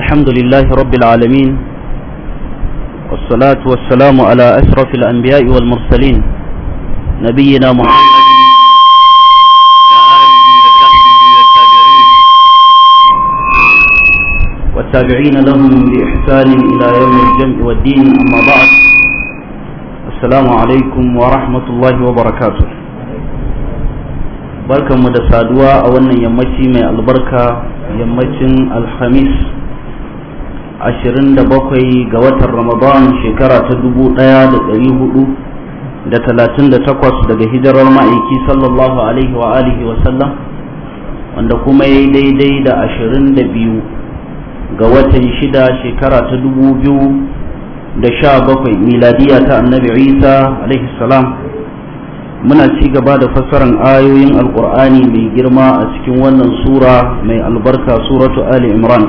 الحمد لله رب العالمين والصلاة والسلام على أشرف الأنبياء والمرسلين نبينا محمد والتابعين لهم بإحسان إلى يوم الجمع والدين أما بعد السلام عليكم ورحمة الله وبركاته بركة مدى سادوا أولا يمتي من البركة يمتي الخميس ashirin da bakwai ga watan ramadan shekara ta dubu ɗaya da dari hudu da talatin da takwas daga hijirar ma'aiki sallallahu alaihi wa alihi wa wanda kuma ya yi daidai da ashirin da biyu ga watan shida shekara ta dubu biyu da sha bakwai miladiya ta annabi isa alaihi salam muna ci gaba da fassarar ayoyin alkur'ani mai girma a cikin wannan sura mai albarka suratu ali imran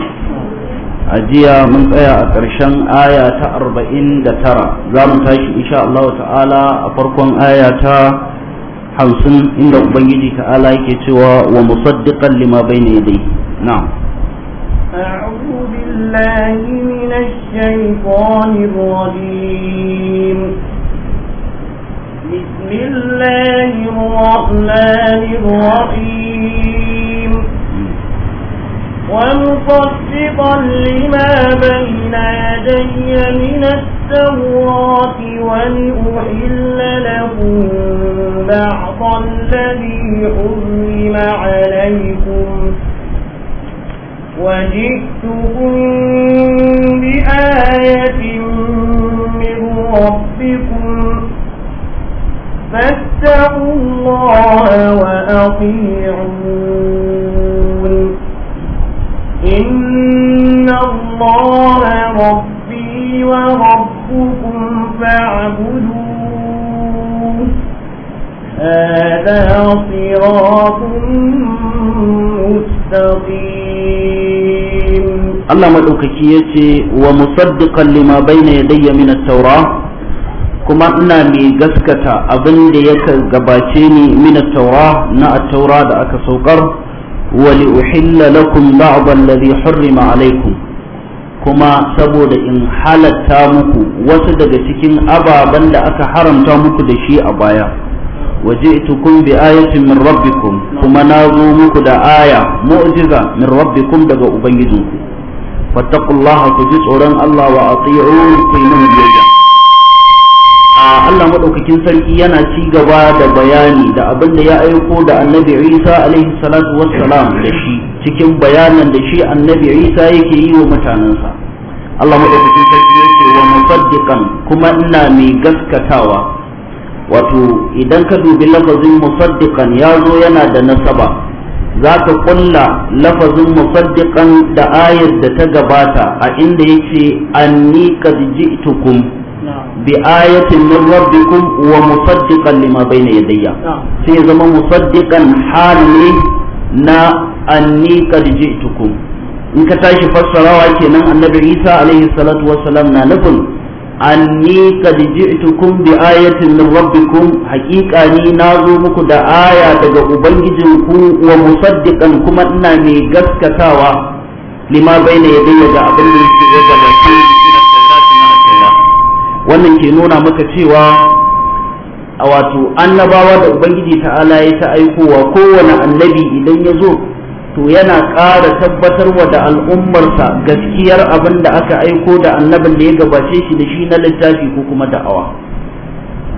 a jiya mun tsaya a ƙarshen aya ta arba'in da tara za mu tashi insha Allah ta'ala a farkon aya ta hamsin inda ubangiji ta'ala yake cewa wa musaddiqan lima bayna yadayhi na'am a'udhu billahi minash shaitanir rajim bismillahir rahmanir rahim ومصدقا لما بين يدي من التوراة ولأحل لكم بعض الذي حرم عليكم وجئتكم بآية من ربكم فاتقوا الله وأطيعون Allah maɗaukaki ya ce wa musaddiqan lima bayna yadayya min at-taura kuma ina mai gaskata abin da ya gabace ni min at-taura na at-taura da aka saukar wa li uhilla lakum ba'd alladhi hurrima alaykum kuma saboda in halatta muku wasu daga cikin ababen da aka haramta muku da shi a baya وجئتكم بآية من ربكم ثم نازو مكو دا آية مؤجزة من ربكم دا أبنجزنكم fattaqu ku ji tsoron Allah wa ati'u ku Allah madaukakin sarki yana ci gaba da bayani da abin da ya aiko da Annabi Isa alaihi salatu wassalam da shi cikin bayanan da shi Annabi Isa yake yi wa mutanansa Allah madaukakin sarki ce wa musaddiqan kuma ina mai gaskatawa wato idan ka dubi lafazin musaddiqan ya zo yana da nasaba za ka kulla lafazin musaddiƙan da ayar da ta gabata a inda yake anni qad ji'tukum bi ayatin min rabbikum wa musaddiqan lima bayna yadayya sai zama musaddiqan hal ne na anni qad ji'tukum in ka tashi fassarawa kenan annabi Isa alaihi salatu wassalam na nufin anni kad ji'tukum bi ayatin min rabbikum haqiqa ni nazo muku da aya daga ubangijinku wa musaddiqan kuma ina mai gaskatawa lima baina yadayya ga abin da yake ya gabace wannan ke nuna maka cewa a wato annabawa da ubangiji ta'ala ya ta aikowa kowane annabi idan ya zo to yana ƙara tabbatar wa da al'ummarsa gaskiyar abin da aka aiko da annabin da ya gabace shi da shi na littafi ko kuma da'awa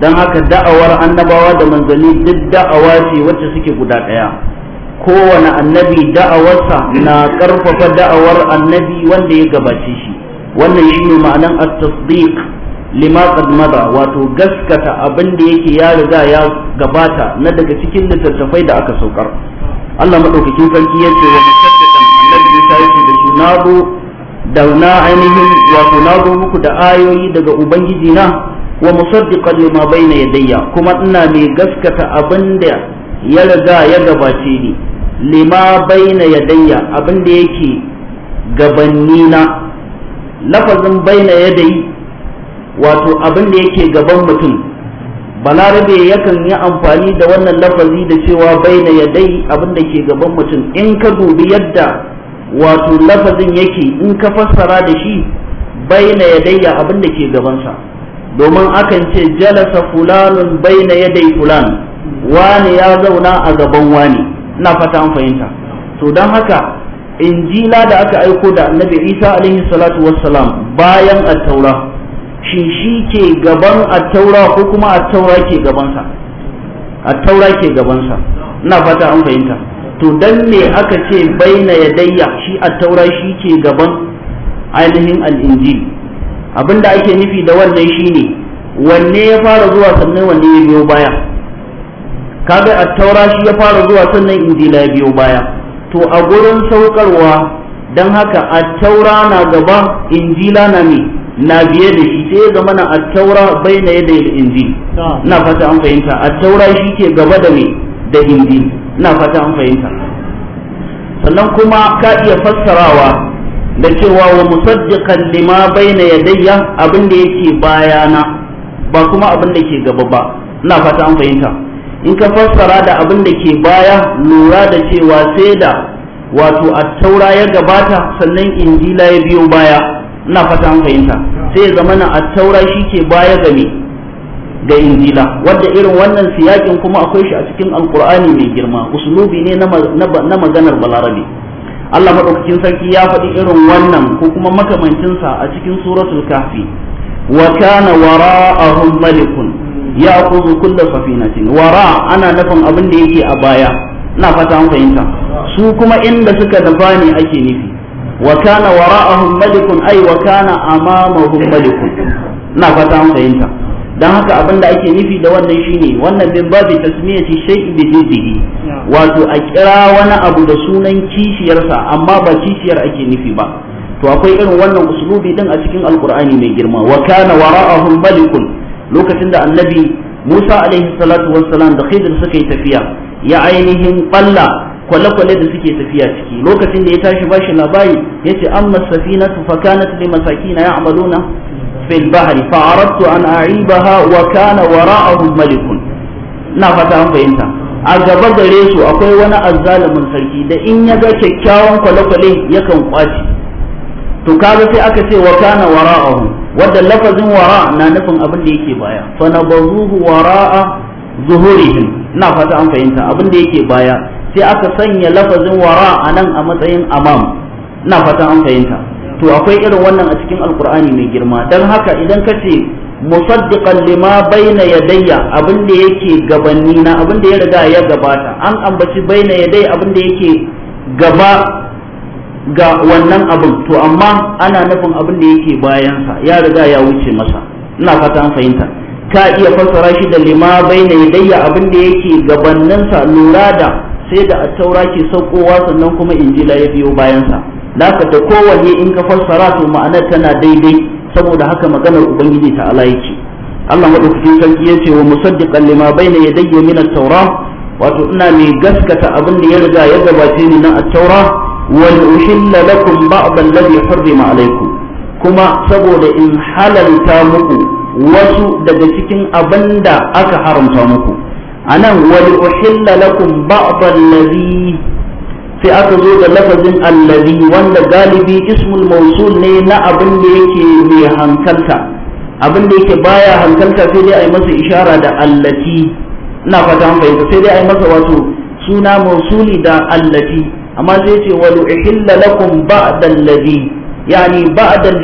don haka da'awar annabawa da manzanni duk da'awa ce wacce suke guda ɗaya kowane annabi da'awarsa na ƙarfafa da'awar annabi wanda ya gabace shi wannan shi ne ma'anan at-tasdiq lima qad mada wato gaskata abin da yake ya riga ya gabata na daga cikin littattafai da aka saukar Allah madaukakin sarki ya ce wa musaddiqan annabi Musa yake da su na zo na ainihin wato na zo muku da ayoyi daga ubangiji na wa musaddiqan lima baina yadayya kuma ina mai gaskata abinda ya riga ya gabace ni lima baina yadayya abinda yake gabanni na lafazin baina yadayi wato abinda yake gaban mutum balarabe yakan yi amfani da wannan lafazi da cewa baina yadai abin da ke gaban mutum in ka dubi yadda wato lafazin yake in ka fassara da shi baina yadayya abin da ke gabansa domin akan ce jalasa fulanun baina yadai fulan wani ya zauna a gaban wani ina fata an fahimta to don haka injila da aka aiko da annabi isa alaihi salatu wassalam bayan at-taura shi shi ke gaban attaura ko kuma attaura ke gabansa attaura ke gabansa ina fata an fahimta to dan me aka ce baina yadayya shi attaura shi ke gaban ainihin al'injil abinda ake nufi da wannan shine wanne ya fara zuwa sannan wanne ya biyo baya kaga attaura shi ya fara zuwa sannan injila ya biyo baya to a gurin saukarwa don haka attaura na gaba injila na me na biye da shi sai ya zama na taura bai na yadda inji. na fata an fahimta A taura shi ke gaba da me da inji. na fata an fahimta sannan kuma ka iya fassarawa da cewa wa musaddiqan lima baina yadayya abin da yake bayana ba kuma abin da ke gaba ba ina fata an fahimta in ka fassara da abin da ke baya lura da cewa sai da wato a taura ya gabata sannan injila ya biyo baya ina fata an fahimta sai ya zama na taura shi ke baya ga ga injila wadda irin wannan siyakin kuma akwai shi a cikin alkur'ani mai girma usulubi ne na maganar balarabe Allah maɗaukakin sarki ya faɗi irin wannan ko kuma makamancinsa a cikin suratul kafi wa kana wara'ahum malikun ya kuzu kulla safinatin wara ana nufin abin da yake a baya na fata an fahimta su kuma inda suka dafa ne ake nufi وكان وراءهم ملك أي وكان أمامهم ملك نا فتاهم فهمتا dan haka abin da ake nufi da wannan shine wannan min babi tasmiyati shay'i bi diddihi wato a kira wani abu da sunan kishiyarsa amma ba kishiyar ake nufi ba to akwai irin wannan uslubi din a cikin alqur'ani mai girma wa kana wara'ahum malikun lokacin da annabi Musa alaihi salatu wassalam da Khidir suka yi tafiya ya ainihin balla kwale-kwale da suke tafiya ciki lokacin da ya tashi bashi labari ya ce amma safinatu fa kanat li masakina na fil bahri fa aradtu an a'ibaha wa kana wara'ahum malikun na fata an fahimta a gaba gare su akwai wani azzalumin sarki da in ya ga kyakkyawan kwale-kwale yakan kwaci to kaga sai aka ce wa kana wara wara'ahum wadda lafazin wara na nufin abin da yake baya fa wara a zuhurihim na fata an fahimta abin da yake baya sai aka sanya lafazin wara a nan a matsayin amam ina fatan an fahimta to akwai irin wannan a cikin alkur'ani mai girma don haka idan ka ce musaddiqan lima baina yadayya abin da yake gabanni na abin da ya riga ya gabata an ambaci baina yadayya abin da yake gaba ga wannan abin to amma ana nufin abin da yake bayansa ya riga ya wuce masa ina fata an fahimta ka iya fassara shi da lima baina yadayya abin da yake gabanninsa lura da sai da attaura ke saukowa sannan kuma injila ya biyo bayansa laka da kowanne in ka fassara to ma'anar tana daidai saboda haka maganar ubangiji ta ala yake Allah madaukakin sarki ya ce wa musaddiqan lima bayna yadayya min at-taura wato ina mai gaskata abin da ya riga ya gabace ni na at-taura wa uhilla lakum ba'd alladhi hurrima alaykum kuma saboda in halalta muku wasu daga cikin abinda aka haramta muku anan wal uhilla lakum ba'd allazi sai aka zo da lafazin allazi wanda galibi ismul mawsul ne na abin da yake mai hankalta abin da yake baya hankalta sai dai ai masa ishara da allati ina fata an fahimta sai dai ai masa wato suna mawsuli da allati amma sai ce wal uhilla lakum ba'd allazi yani ba'd al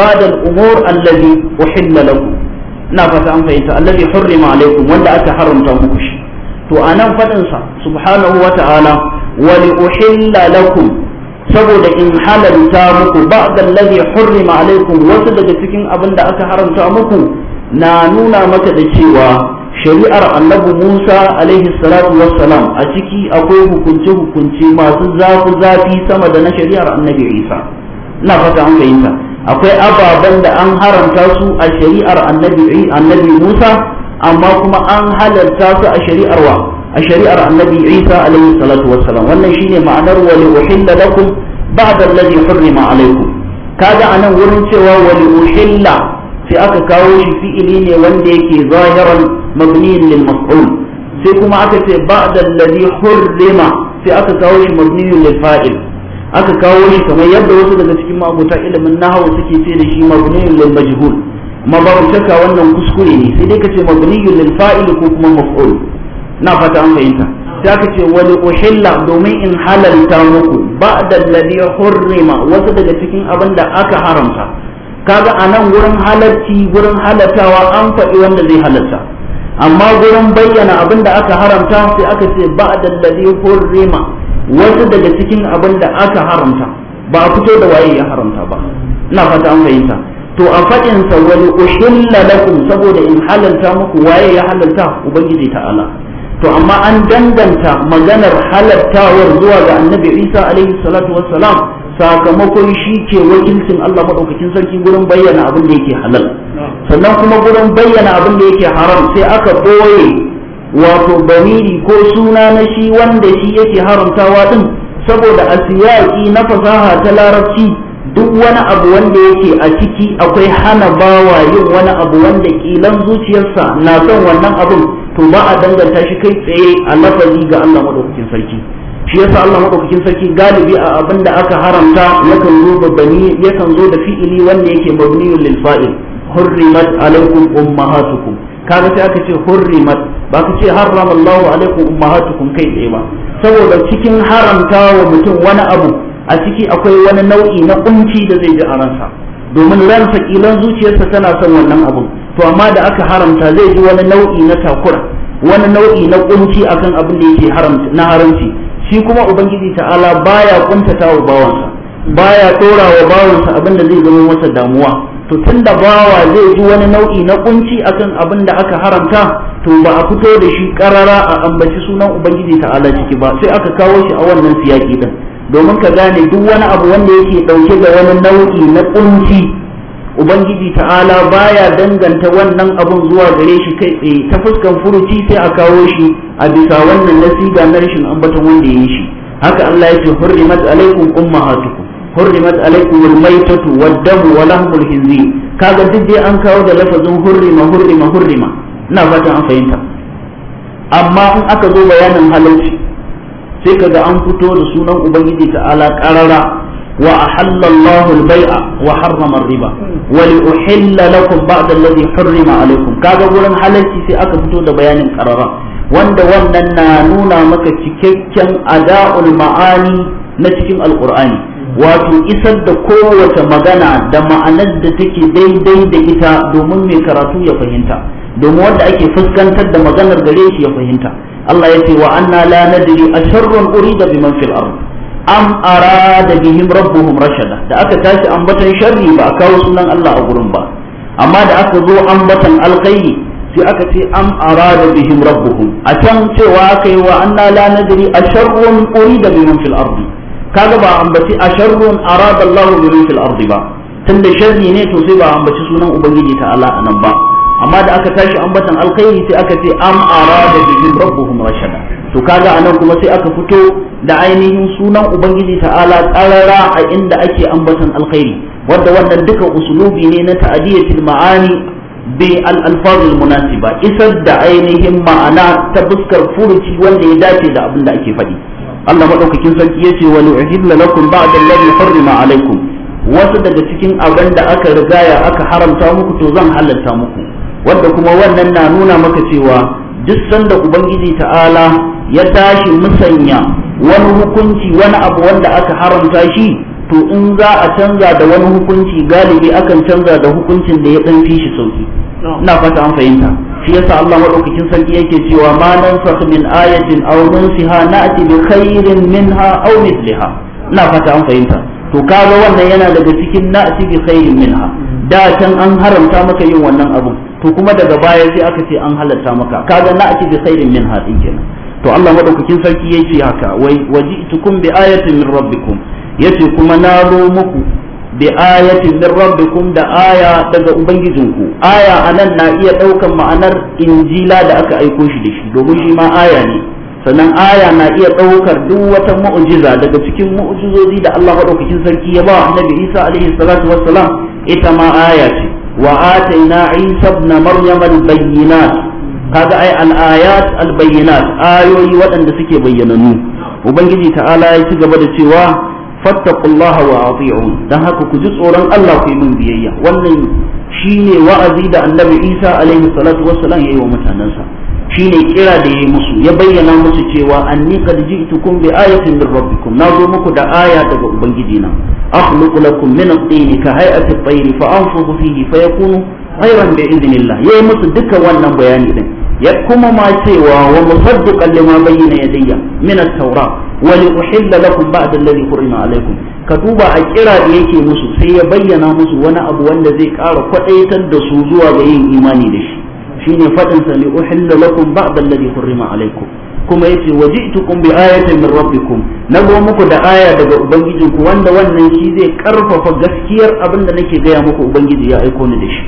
ba'd al umur allazi uhilla lakum ina fata an fahimta allazi hurrima alaikum wanda aka haramta muku shi to anan fadin sa subhanahu wata'ala wa li uhilla lakum saboda in halalta muku ba'da allazi hurrima alaikum wasu daga cikin abin da aka haramta muku na nuna maka da cewa shari'ar annabi Musa alaihi salatu wassalam a ciki akwai hukunce hukunce masu zafi zafi sama da na shari'ar annabi Isa ina fata an fahimta akwai ababen da an haramta su a shari'ar annabi Musa amma kuma an halarta su a shari'ar wa a shari'ar annabi Isa alaihi salatu wassalam wannan shine ma'anar wa li uhilla lakum ba'da alladhi hurrima alaikum kaga anan wurin cewa wali li uhilla sai aka kawo shi fi'ili ne wanda yake zahiran mabniyin lil maf'ul sai kuma aka ce ba'da alladhi hurrima sai aka kawo shi mabniyin lil fa'il aka kawo shi kamar yadda wasu daga cikin mabuta ilimin hawa suke ce da shi mabniyun lil majhul amma babu shakka wannan kuskure ne sai dai kace mabniyun lil fa'il ko kuma maf'ul na fata an fahimta sai aka ce wani uhilla domin in halalta muku ba'da alladhi hurrima wasu daga cikin abin aka haramta kaga anan gurin halarci gurin halatawa an faɗi wanda zai halarta amma gurin bayyana abin da aka haramta sai aka ce ba'da alladhi hurrima wasu daga cikin abin da aka haramta ba a fito da waye ya haramta ba ina fata an fahimta to a faɗin sa wani uhilla lakum saboda in halalta muku waye ya halalta ubangiji ta'ala to amma an danganta maganar halattawar zuwa ga annabi isa alaihi salatu wassalam sakamakon shi ke wakilcin allah maɗaukakin sarki gurin bayyana abin da yake halal sannan kuma gurin bayyana abin da yake haram sai aka boye wato damiri ko suna na shi wanda shi yake haramtawa din saboda asiyaki na fasaha ta larabci duk wani abu wanda yake a ciki akwai hana bawa yin wani abu wanda kilan zuciyarsa na son wannan abun to ba a danganta shi kai tsaye a lafazi ga Allah madaukakin sarki shi yasa Allah madaukakin sarki galibi a abin da aka haramta yakan zo babbani yakan zo da fi'ili wanda yake mabniyun lil fa'il hurrimat alaikum ummahatukum kaga sai aka ce hurrimat ba su ce haram Allah alaikum ummahatukum kai tsaye ba saboda cikin haramta wa mutum wani abu a ciki akwai wani nau'i na kunci da zai ji a ransa domin ransa kilan zuciyarsa tana son wannan abu to amma da aka haramta zai ji wani nau'i na takura wani nau'i na kunci akan abin da yake haramta na haramci shi kuma ubangiji ta'ala baya kuntata wa bawansa baya dora wa bawansa abin da zai zama masa damuwa to tunda bawa zai ji wani nau'i na kunci akan abin da aka haramta to ba a fito da shi karara a ambaci sunan ubangiji ta'ala ciki ba sai aka kawo shi a wannan siyaki din domin ka gane duk wani abu wanda yake dauke da wani nau'i na kunci ubangiji ta'ala baya danganta wannan abun zuwa gare shi kai tsaye ta fuskan furuci sai a kawo shi a bisa wannan nasiga na rashin ambaton wanda ya yi shi haka Allah ya ce hurrimat alaikum ummahatukum hurrimat alaikum almaytatu wad-damu wa khinzir kaga duk dai an kawo da lafazin hurrima hurrima hurrima ina fatan an fahimta amma in aka zo bayanin halarci sai kaga an fito da sunan ubangiji ta'ala karara wa ahallallahu al-bai'a wa harrama riba wa li uhilla lakum ba'da alladhi harrama alaykum kaga gurin halarci sai aka fito da bayanin karara wanda wannan na nuna maka cikakken ada'ul ma'ani na cikin alqur'ani wato isar da kowace magana da ma'anar da take daidai da ita domin mai karatu ya fahimta domin wanda ake fuskantar da maganar gare shi ya fahimta Allah ya ce wa anna la nadri asharrun urida biman fil ard am arada bihim rabbuhum rashada da aka tashi ambatan sharri ba a kawo sunan Allah a gurin ba amma da aka zo ambatan alkhairi sai aka ce am arada bihim rabbuhum a can cewa aka yi wa anna la nadri asharrun urida biman fil ard kaga ba ambaci asharrun arada Allah biman fil ard ba tunda sharri ne to sai ba ambaci sunan ubangiji ta Allah anan ba amma da aka tashi ambatan alkhairi sai aka ce am arada bihim rabbuhum rashada to kaga anan kuma sai aka fito da ainihin sunan ubangiji ta'ala tsarara a inda ake ambatan alkhairi wanda wannan duka usulubi ne na ta'adiyatul ma'ani bi al-alfazul munasiba isar da ainihin ma'ana ta fuskar furuci wanda ya dace da abin da ake faɗi Allah madaukakin sarki yace wa nu'hidna lakum ba'da alladhi harrama alaikum wasu daga cikin abin da aka rigaya aka haramta muku to zan halalta muku wanda kuma wannan na nuna maka cewa duk sanda ubangiji ta'ala ya tashi musanya wani hukunci wani abu wanda aka haramta shi to in za a canza da wani hukunci galibi akan canza da hukuncin da ya dan fi shi sauki ina fata an fahimta shi yasa Allah madaukakin sarki yake cewa ma nansakh min ayatin aw nunsiha na'ti bi khairin minha aw mithliha ina fata an fahimta to kaga wannan yana daga cikin na'ti bi khairin minha da can an haramta maka yin wannan abu to kuma daga baya sai aka ce an halatta maka kaga na ake bi khairin min hadin kenan to Allah madaukakin sarki ya ce haka wai waji'tukum bi ayatin min rabbikum yace kuma na zo muku bi ayatin min rabbikum da aya daga ubangijinku aya anan na iya daukan ma'anar injila da aka aiko shi da shi domin shi ma aya ne sannan aya na iya ɗaukar duk wata mu'jiza daga cikin mu'jizozi da Allah maɗaukakin sarki ya ba wa annabi Isa alaihi salatu wassalam ita ma aya ce wa'ataina عيسى ابن مريم البينات kaga ai al-ayat al-bayyinat ayoyi waɗanda suke bayyananu ubangiji ta'ala ya ci gaba da cewa fattaqullaha wa ati'un dan haka ku ji tsoron Allah ku yi min biyayya wannan shine wa'azi da annabi Isa alayhi salatu wassalam yayi wa mutanansa shine kira da yayi musu ya bayyana musu cewa anni qad ji'tukum bi ayatin min rabbikum nazo muku da aya daga ubangiji na أخلق لكم من الطين كهيئة الطير فأنفض فيه فيكون غيرا بإذن الله يا مصدق وانا بياني ذن يكم ما سوى ومصدقا لما بين يدي من التوراة ولأحل لكم بعد الذي حرم عليكم كتوبة أكرا إيكي مسو سيبينا مسو وانا أبو وانا ذي كارا فتأيتا دسوزوا بين إيماني لش شيني فتنسا لأحل لكم بعد الذي حرم عليكم kuma yace waji'tukum bi ayatin min rabbikum na go muku da aya daga ubangijinku wanda wannan shi zai karfafa gaskiyar abin da nake gaya muku ubangiji ya aiko ni da shi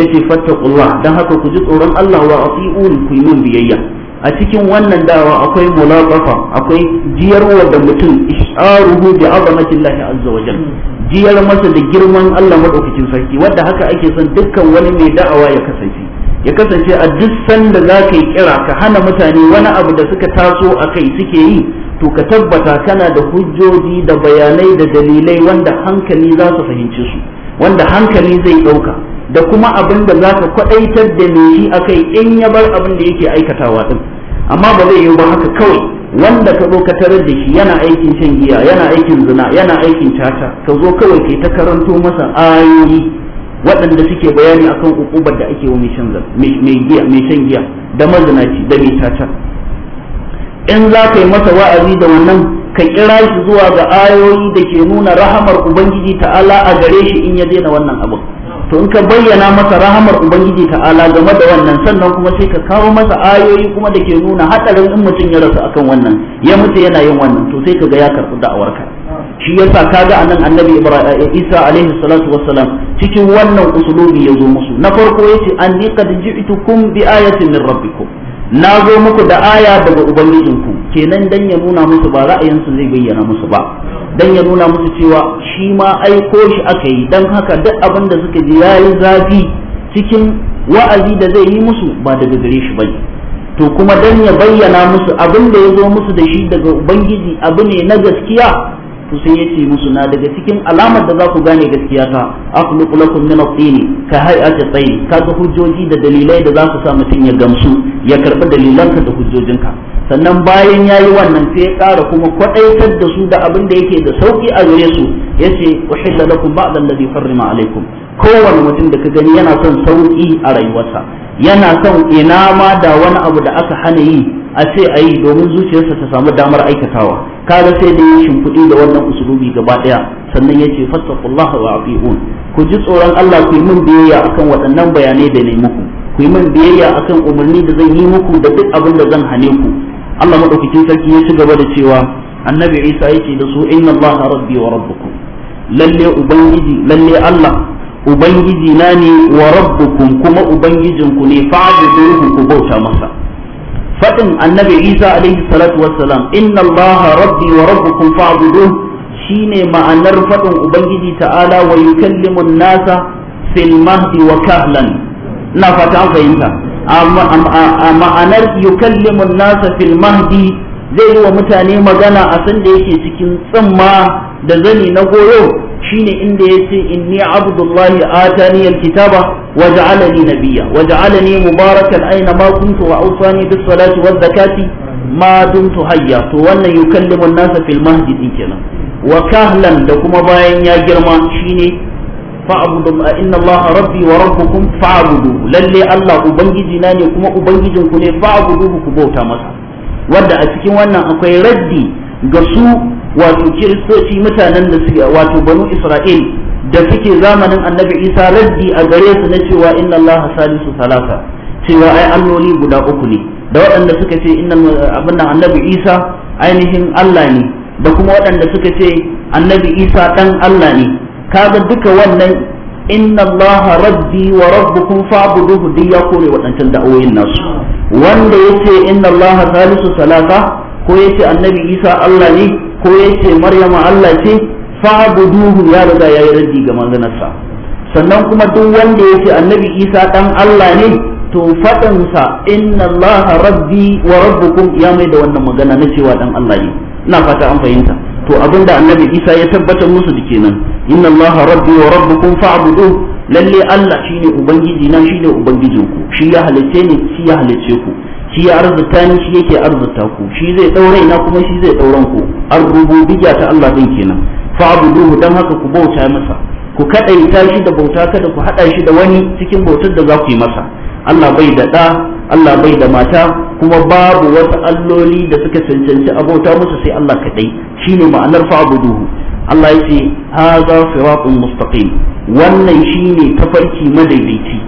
yace fattaqullah dan haka ku ji tsoron Allah wa ati'un ku yi min biyayya a cikin wannan dawa akwai mulaqafa akwai jiyarwa da mutum isharuhu bi azamatillahi azza wajal jiyar masa da girman Allah madaukakin sarki wanda haka ake son dukkan wani mai da'awa ya kasance ya kasance a duk sanda za ka yi kira ka hana mutane wani abu da suka taso a kai suke yi to ka tabbata kana da hujjoji da bayanai da dalilai wanda hankali za su fahimci su wanda hankali zai ɗauka da kuma abin da za ka kwaɗaitar da me shi a kai in ya bar abin da yake aikatawa ɗin amma ba zai yi ba haka kawai wanda ka zo ka tarar da shi yana aikin shan giya yana aikin zina yana aikin caca ka zo kawai ka ta karanto masa ayoyi waɗanda suke bayani akan ukubar da ake wa mai shan giya da mazinaci da mai tata in za ka yi masa wa'azi da wannan ka kira shi zuwa ga ayoyi da ke nuna rahamar ubangiji ta'ala a gare shi in ya daina wannan abin to in ka bayyana masa rahamar ubangiji ta'ala game da wannan sannan kuma sai ka kawo masa ayoyi kuma da ke nuna hatsarin in mutum ya rasu akan wannan ya mutu yana yin wannan to sai ka ga ya karɓi da'awarka shi yasa kaga anan annabi ibrahim eh, isa alaihi salatu wassalam cikin wannan usulubi ya zo musu na farko yace ni qad ji'tukum bi ayatin min rabbikum na zo muku da aya daga ubangijinku kenan dan ya nuna musu ba ra'ayinsu zai bayyana musu ba dan ya nuna musu cewa shi ma aiko shi aka yi dan haka duk abin da suka ji yayi zafi cikin wa'azi da zai yi musu ba daga gare shi bane to kuma dan ya bayyana musu abin da ya zo musu da shi daga ubangiji abu ne na gaskiya to sai ce musu na daga cikin alamar da za ku gane gaskiya ta akhluqu lakum min at-tin ka hay'ati at-tayr ga hujjoji da dalilai da za su sa mutum ya gamsu ya karbi dalilanka da hujjojinka sannan bayan yayi wannan sai ya ƙara kuma kwadaitar da su da abin da yake da sauki a gare su yace uhilla lakum ba'd alladhi harrama alaykum kowane mutum da ka gani yana son sauki a rayuwarsa yana son ina ma da wani abu da aka hana yi a ce a yi domin zuciyarsa ta samu damar aikatawa kaga sai da ya shimfiɗi da wannan usulubi gaba ɗaya sannan ya ce fattakullaha wa abi'un ku ji tsoron Allah ku yi min biyayya akan waɗannan bayanai da ne muku ku yi min biyayya akan umarni da zan yi muku da duk abin da zan hane ku Allah madaukakin sarki ya ci gaba da cewa annabi Isa yake da su inna Allah rabbi wa rabbukum lalle ubangiji lalle Allah ubangiji na ne wa rabbukum kuma ubangijinku ne fa'buduhu ku bauta masa faɗin annabi isa alaihi salatu wassalam inna allaha rabbi wa rabbukum fa'buduhu shine ma'anar faɗin ubangiji ta'ala wa yukallimun nasa fil mahdi ina fata fahimta a ma'anar yukallimun nasa fil zai yi wa mutane magana a sanda yake cikin tsamma da zani na goyo shine inda yace inni abdullahi atani alkitaba waj'alani nabiyya waj'alani mubarakan aina ma kuntu wa awsani bis salati waz zakati ma dumtu hayya to wannan yukallimu an-nasa fil mahdi din kenan wa kahlan da kuma bayan ya girma shine fa'budu inna allaha rabbi wa rabbukum fa'budu lalle allah ubangiji na ne kuma ku ne fa'budu ku bauta masa wanda a cikin wannan akwai raddi ga su wato kiristoci mutanen da suke wato banu isra'il da suke zamanin annabi isa raddi a gare su na cewa inna allaha salisu salasa cewa ai alloli guda uku ne da waɗanda suka ce inna abin annabi isa ainihin allah ne da kuma waɗanda suka ce annabi isa ɗan allah ne kaga duka wannan inna allaha rabbi wa rabbukum fa'buduhu duk ya kore waɗancan da'o'in nasu wanda yace inna allaha salisu salasa ko ya ce annabi isa Allah ne ko ya ce maryama Allah ce fa'buduhu ya riga ya yi raddi ga manzanarsa sannan kuma duk wanda ya ce annabi isa dan Allah ne to faɗinsa inna Allah rabbi wa rabbukum ya mai da wannan magana na cewa dan Allah ne ina fata an fahimta to abinda annabi isa ya tabbatar musu da kenan inna Allah rabbi wa rabbukum fa'buduhu lalle Allah shine ubangiji na shine ubangijinku shi ya halice ni shi ya halice ku shi ya arzuta ni shi yake arzuta ku shi zai daure na kuma shi zai dauran ku an rububiyya ta Allah din kenan fa abuduhu dan haka ku bauta masa ku kadaita shi da bauta kada ku hada shi da wani cikin bautar da za ku yi masa Allah bai da da Allah bai da mata kuma babu wata alloli da suka cancanci abota musu sai Allah kadai shine ma'anar fa abuduhu Allah yace hadha siratun mustaqim wannan shine tafarki madaidaici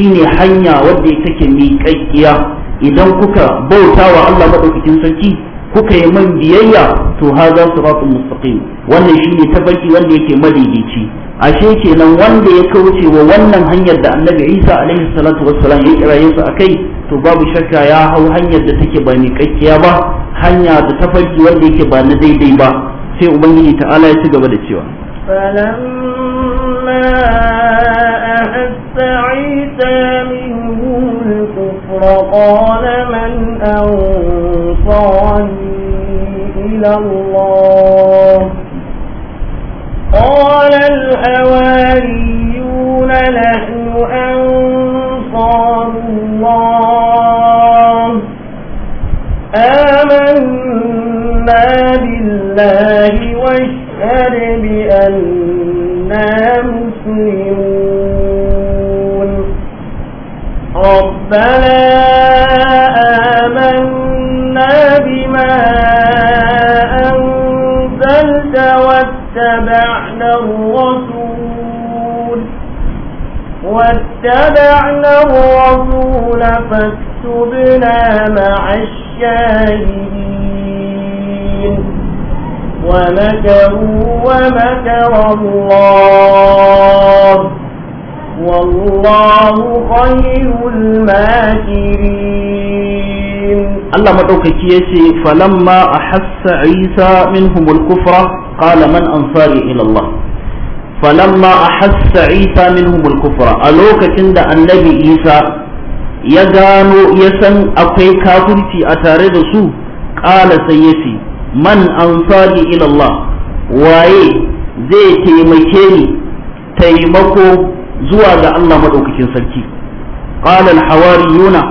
shine hanya wadda take miƙaƙiya idan kuka bauta wa Allah maɗaukakin sarki kuka yi man biyayya to ha su siratul mustaqim wannan shi ne tabbaki wanda yake madaidaici ashe kenan wanda ya kauce wa wannan hanyar da Annabi Isa alaihi salatu wassalam ya kiraye sa akai to babu shakka ya hau hanyar da take ba miƙakkiya ba hanya da tafarki wanda yake ba na daidai ba sai ubangiji ta'ala ya ci gaba da cewa فلما أحس عيسى منهم فقال من أنصاني إلى الله قال الأواليون نحن أنصار الله آمنا بالله واشهد بأننا مسلمون ربنا اتبعنا الرسول فاكتبنا مع الشاهدين ومكروا ومكر الله والله خير الماكرين الله مدوكي يسي فلما أحس عيسى منهم الكفر قال من أنصاري إلى الله falamma ahassa a minhum al-kufra a lokacin da annabi isa ya gano ya san akwai kafirci a tare da su ƙala sai ya ce man ansari ila Allah waye zai taimake ni taimako zuwa ga Allah maɗaukakin sarki ƙala al-hawariyuna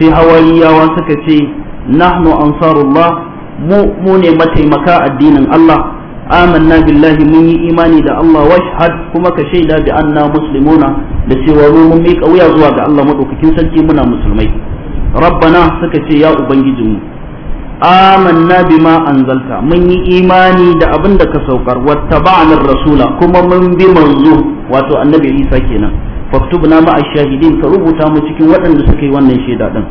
sai hawariyawa suka ce nahnu ansarullah mu mu ne mataimaka addinin Allah amanna billahi mun yi imani da Allah washhad kuma ka shaida bi anna muslimuna da cewa mu mun mika wuya zuwa ga Allah madaukakin sarki muna musulmai rabbana suka ce ya ubangijinmu amanna bima anzalta mun yi imani da abin da ka saukar wattaba'na rasula kuma mun bi manzo wato annabi Isa kenan faktubna ma ash-shahidin ka rubuta mu cikin waɗanda suka yi wannan shaida din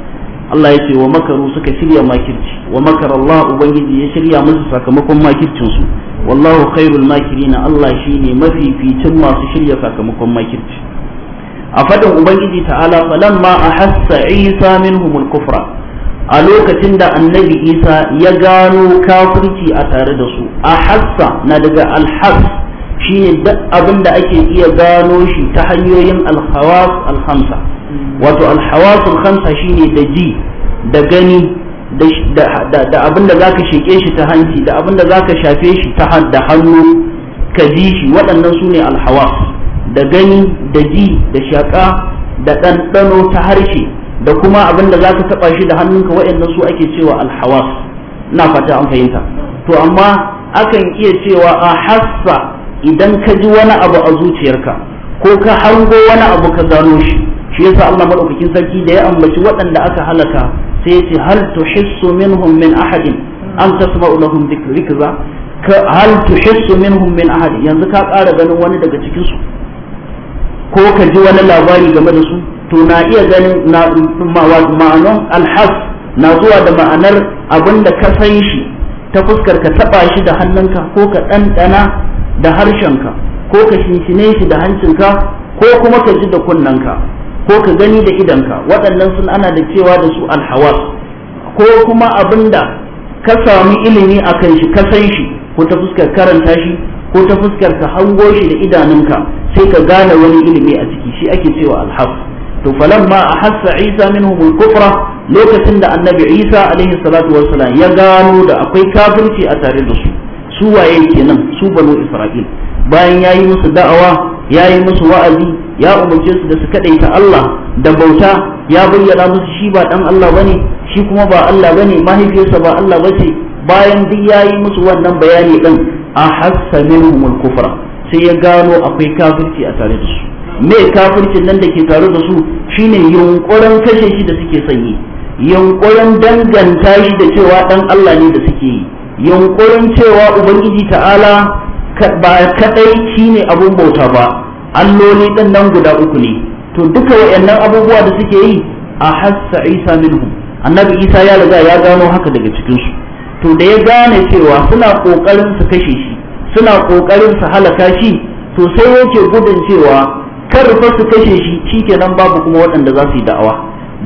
Allah ya ce wa makaru suka shirya makirci wa makar Allah ubangiji ya shirya musu sakamakon makircinsu wallahu khairul makirina Allah shine mafificin masu shirya sakamakon makirci a fadin ubangiji ta'ala falamma ahassa Isa minhumul kufra a lokacin da annabi Isa ya gano kafirci a tare da su ahassa na daga alhas shine duk abin da ake iya gano shi ta hanyoyin alhawas alhamsa wato alhawasul khamsa shine da ji da gani da abin da zaka sheke shi ta hanci da abin zaka shafe shi ta da hannu ka ji shi waɗannan su alhawas da gani da ji da shaƙa da ɗanɗano ta harshe da kuma abin zaka taɓa shi da hannunka waɗannan su ake cewa alhawas na fata an fahimta to amma akan iya cewa a hassa idan ka ji wani abu a zuciyarka ko ka hango wani abu ka gano shi shi yasa Allah madaukakin sarki da ya ambaci waɗanda aka halaka sai ya ce hal tuhissu minhum min ahadin am tasma'u lahum dhikra ka hal tuhissu minhum min ahad yanzu ka ƙara ganin wani daga cikin su ko ka ji wani labari game da su to na iya ganin na ma'anon alhas na zuwa da ma'anar abin da ka san shi ta fuskar ka taba shi da hannunka ko ka ɗanɗana da harshenka ko ka shinshine shi da hancinka ko kuma ka ji da kunnanka ko ka gani da idanka waɗannan sun ana da cewa da su alhawa ko kuma abin da ka sami ilimi a kan shi ka san shi ko ta fuskar karanta shi ko ta fuskar ka hango shi da idanunka sai ka gane wani ilimi a ciki shi ake cewa alhaf to falamma ahassa isa minhum al-kufra lokacin da annabi isa alaihi salatu wassalam ya gano da akwai kafirci a tare da su su waye kenan su banu isra'il bayan yayi musu da'awa ya yi musu wa'azi ya umarce su da su kaɗaita Allah da bauta ya bayyana musu shi ba ɗan Allah bane shi kuma ba Allah bane mahaifiyarsa ba Allah bace bayan duk ya yi musu wannan bayani ɗin a hassanin minhumul sai ya gano akwai kafirci a tare da su me kafircin nan da ke tare da su shine yunkurin kashe shi da suke sanyi yunkurin danganta shi da cewa ɗan Allah ne da suke yi yunkurin cewa ubangiji ta'ala ba kadai ne abun bauta ba alloli din nan guda uku ne to duka wayannan abubuwa da suke yi a hassa isa minhu annabi isa ya riga ya gano haka daga cikin su to da ya gane cewa suna kokarin su kashe shi suna kokarin su halaka shi to sai yake gudun cewa kar fa su kashe shi shikenan babu kuma waɗanda za su yi da'awa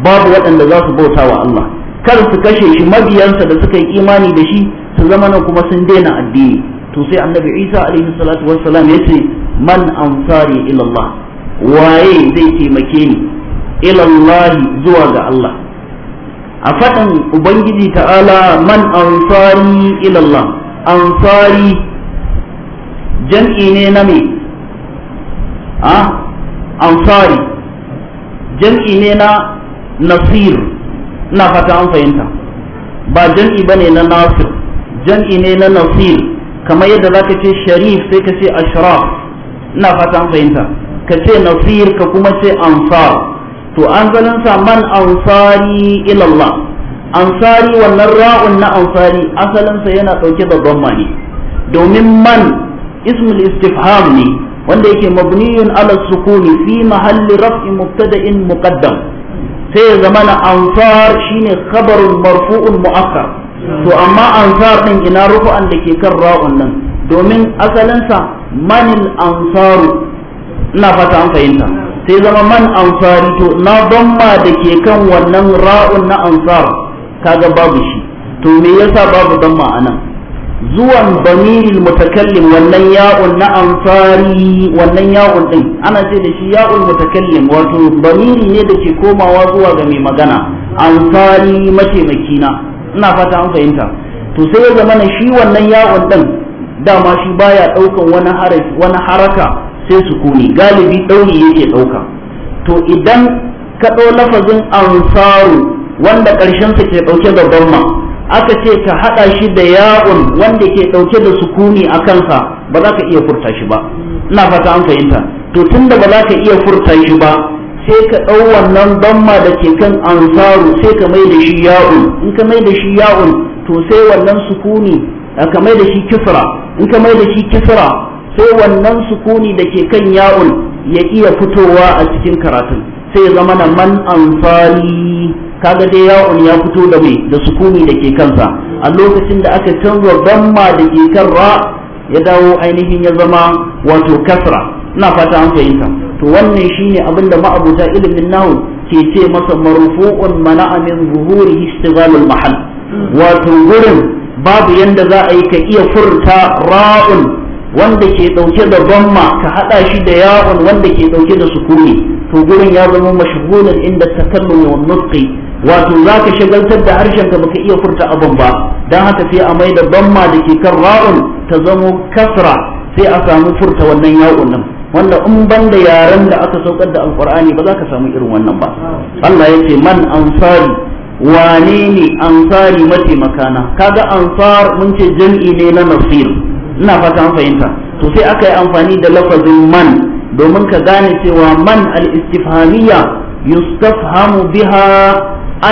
babu waɗanda za su bauta wa Allah kar su kashe shi mabiyansa da suka yi imani da shi su zama nan kuma sun daina addini to sai annabi isa alaihi salatu wassalam ya ce man ansari ilallah waye zai taimake ni ilallahi zuwa ga Allah a faɗin ubangiji ta'ala man ansari ilallah ansari jam'i ne na me a ansari jam'i ne na nasir na fata an fahimta ba jam'i ba ne na nasir jam'i ne na nasir kamar yadda za ka ce sharif sai ka ce ashraf ina fatan fahimta ka ce nasir ka kuma ce ansar to an sa man ansari ilallah ansari wannan ra'un na ansari asalinsa yana ɗauke da dhamma ne domin man ismul istifham ne wanda yake mabniyun ala sukuni fi mahalli raf'i mubtada'in muqaddam sai ya zamana ansar shine kabarin marfu'un mu'akkar to amma ansar din ina rufu'an da ke kan ra'un nan domin asalinsa manil ansaru ina fata an fahimta sai zama man ansari to na bamma da ke kan wannan ra'un na ansar kaga babu shi to me yasa babu damma anan zuwan damiril mutakallim wannan ya'un na ansari wannan ya'un din ana ce da shi ya'ul mutakallim wato damiri ne da ke komawa zuwa ga mai magana ansari mataimakina ina fata an fahimta to sai ya zama na shi wannan yawon ɗin dama shi baya ɗaukan wani wani haraka sai sukuni galibi ɗauri yake ɗauka to idan ka dau lafazin ansaru wanda sa ke ɗauke da dalma aka ce ka haɗa shi da yawon wanda ke ɗauke da sukuni a kansa ba za ka iya furta shi ba ina fata an fahimta to tunda ba za ka iya furta shi ba sai ka ɗau wannan damma da ke kan ansaru sai ka mai da shi ya'un in ka mai da shi ya'un to sai wannan sukuni ka mai da shi kisra in ka mai da shi kisra sai wannan sukuni da ke kan ya'un ya iya fitowa a cikin karatun sai zama na man ansari kaga dai ya'un ya fito da mai da sukuni da ke kansa a lokacin da aka canza damma da ke kan ra ya dawo ainihin ya zama wato kasra ina fata an fahimta to wannan shine abin da ma'abuta ilimin nahu ke ce masa marufu'un mana'a min zuhuri istighalul mahal wato gurin babu yanda za a yi ka iya furta ra'un wanda ke dauke da dhamma ka hada shi da ya'un wanda ke dauke da sukuni to gurin ya zama mashghulun inda takallum wa nutqi wato zaka shagaltar da harshen ka baka iya furta abin ba dan haka sai a mai da bamma da ke kan ra'un ta zamo kasra sai a samu furta wannan ya'un nan wanda in banda yaren da aka saukar da alkur'ani ba za ka samu irin wannan ba Allah ya ce man ansari wane ne ansari mataimakana kaga ansar mun ce jam'i ne na nasir ina fata an fahimta to sai aka yi amfani da lafazin man domin ka gane cewa man al-istifhamiyya yustafhamu biha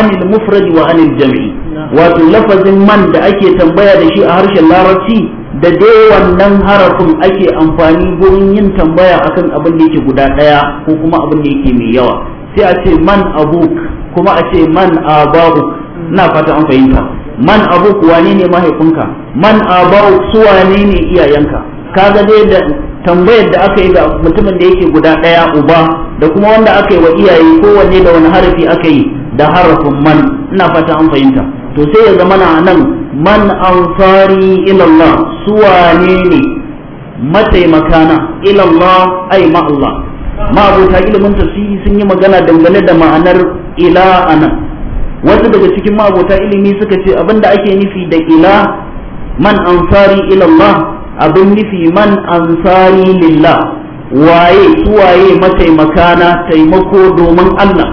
anil mufrad wa anil jam'i wato lafazin man da ake tambaya da shi a harshen larabci da dai wannan harafin ake amfani gurin yin tambaya akan abin da yake guda ɗaya ko kuma abin da yake mai yawa sai a ce man abuk kuma a ce man ababuk na fata an fahimta man abuk wane ne mahaifinka man ababuk su wane ne iyayenka kaga dai da tambayar da aka yi ga mutumin da yake guda ɗaya uba da kuma wanda aka yi wa iyaye kowanne da wani harafi aka yi da harafin man ina fata an fahimta to sai ya zama nan man ansari ila Allah su wane ne mataimakana ila Allah ai ma Allah ma'abuta ilimin tafsiri sun yi magana dangane da ma'anar ila anan wasu daga cikin ma'abuta ilimi suka ce abinda ake nufi da ila man ansari ila abin nufi man ansari lillah waye su waye mataimakana taimako domin Allah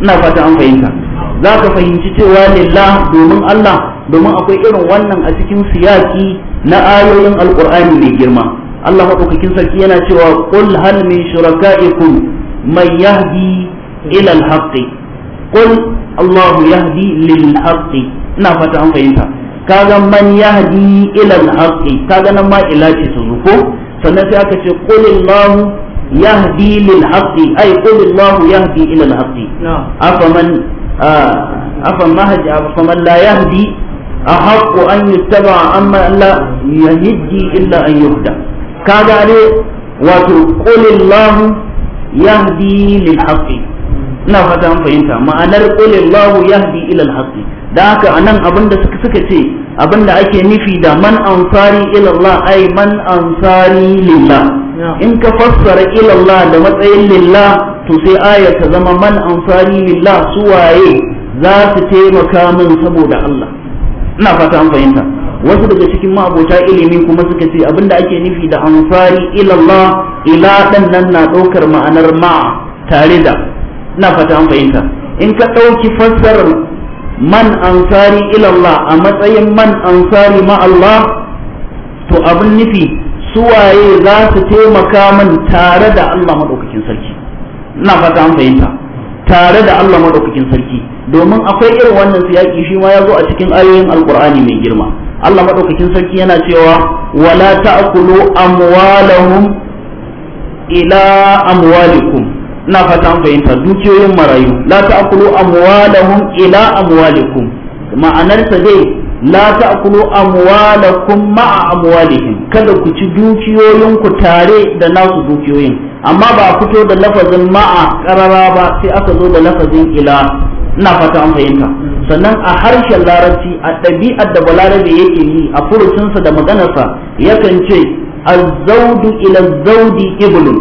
ina fata an fahimta za ka fahimci cewa lillah domin Allah domin akwai irin wannan a cikin siyaki na ayoyin alkur'ani mai girma Allah maɗaukakin sarki yana cewa qul hal min shuraka'ikum man yahdi ila al qul Allah yahdi lil haqq ina fata an fahimta kaga man yahdi ila al kaga nan ma ila ce su ko sannan sai aka ce qul Allah yahdi lil haqq ay qul Allah yahdi ila al afan mahaji faman la yahdi أحق أن يتبع أما لا يهدي إلا أن يهدى وتقول الله يهدي للحق ina fata an fahimta ma'anar qul yahdi ila al da haka anan abinda suka suka ce abinda ake nufi da man ansari ila ai man ansari lillah in ka fassara ila da matsayin lillah to sai ayar ta zama man amfani lillah waye za su taimaka min saboda Allah ina fata an fahimta wasu daga cikin ma'abota ilimi kuma suka ce abinda ake nufi da amfani ilallah ila dan nan na ɗaukar ma'anar ma tare da ina fata an fahimta in ka ɗauki fassarar man amfani ilallah a matsayin man amfani ma Allah to abin nufi suwaye za su taimaka min tare da Allah maɗaukakin sarki ina fata an fahimta tare da Allah madaukakin sarki domin akwai irin wannan siyaki shi ma ya zo a cikin ayoyin alqur'ani mai girma Allah madaukakin sarki yana cewa wala ta'kulu amwalahum ila amwalikum ina fata an fahimta dukiyoyin marayu la ta'kulu amwalahum ila amwalikum ma'anarsa dai la ta'kulu amwalakum ma'a amwalihim kada ku ci dukiyoyinku tare da nasu dukiyoyin amma ba a fito da lafazin ma'a karara ba sai aka zo da lafazin ila ina fata an fahimta sannan a harshen larabci a ɗabi'ar da balarabe yake yi a furucinsa da maganarsa yakan ce azzaudu ila zaudi iblun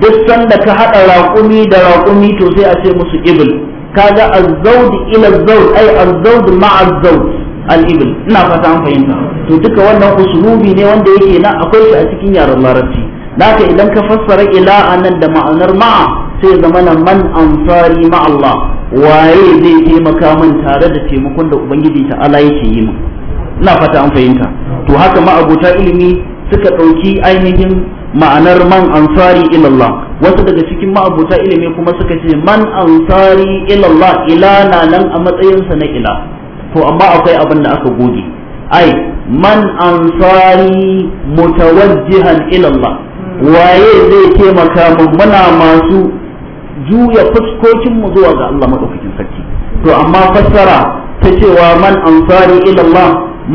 duk sanda ka haɗa raƙumi da raƙumi to sai a ce musu ibl kaga azzaud ila zaud ai azzaud ma'a zaud al-ibl ina fata an fahimta to duka wannan usulubi ne wanda yake na akwai shi a cikin yaren larabci naka idan ka fassara ila anan da ma'anar ma'a sai zama nan man ansari ma Allah waye zai taimaka min tare da taimakon da ubangiji ta'ala yake yi min ina fata an fahimta to haka ma'abuta ilimi suka ɗauki ainihin ma'anar man ansari ilallah wasu daga cikin ma'abuta ilimi kuma suka ce man ansari ilallah ila na nan a matsayinsa na ila to amma akwai abin da aka goge ai man ansari mutawajjihan ila Allah waye zai taimaka mu muna masu juya fuskokin mu zuwa ga Allah madaukakin sarki to amma fassara ta cewa man ansari ila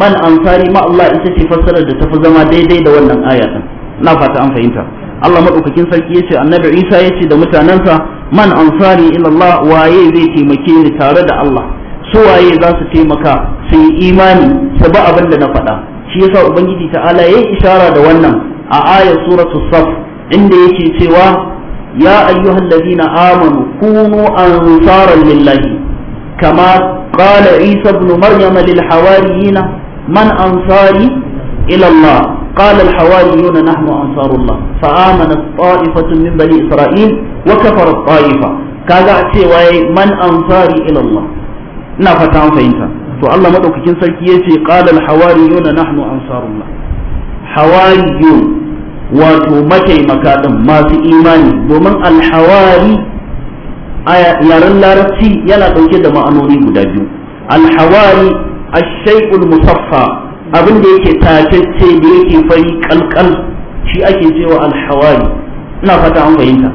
man ansari ma Allah ita ce fassarar da tafi zama daidai da wannan ayatan na fata an fahimta Allah madaukakin sarki yace annabi Isa yace da mutanansa man ansari ila waye zai taimake ni tare da Allah suwaye za su taimaka su yi imani su ba abin da na faɗa shi yasa ubangiji ta'ala yi ishara da wannan a ayar suratul saf inda yake cewa ya ayyuhal ladina amanu kunu ansaran lillahi kama qala isa ibn maryam lil hawariyina man ansari ila allah qala al hawariyuna nahnu ansarullah fa amanat ta'ifatu min bani isra'il wa kafarat ta'ifa kaga cewa man ansari ila ina fata an fahimta to Allah madaukakin sarki yace qala al hawariyun nahnu ansarullah hawariyun wato mataimaka din masu imani domin al hawari yaren larabci yana ɗauke da ma'anoni guda biyu alhawari hawari ash musaffa abin da yake tatacce da yake fari kalkal shi ake cewa alhawari ina fata an fahimta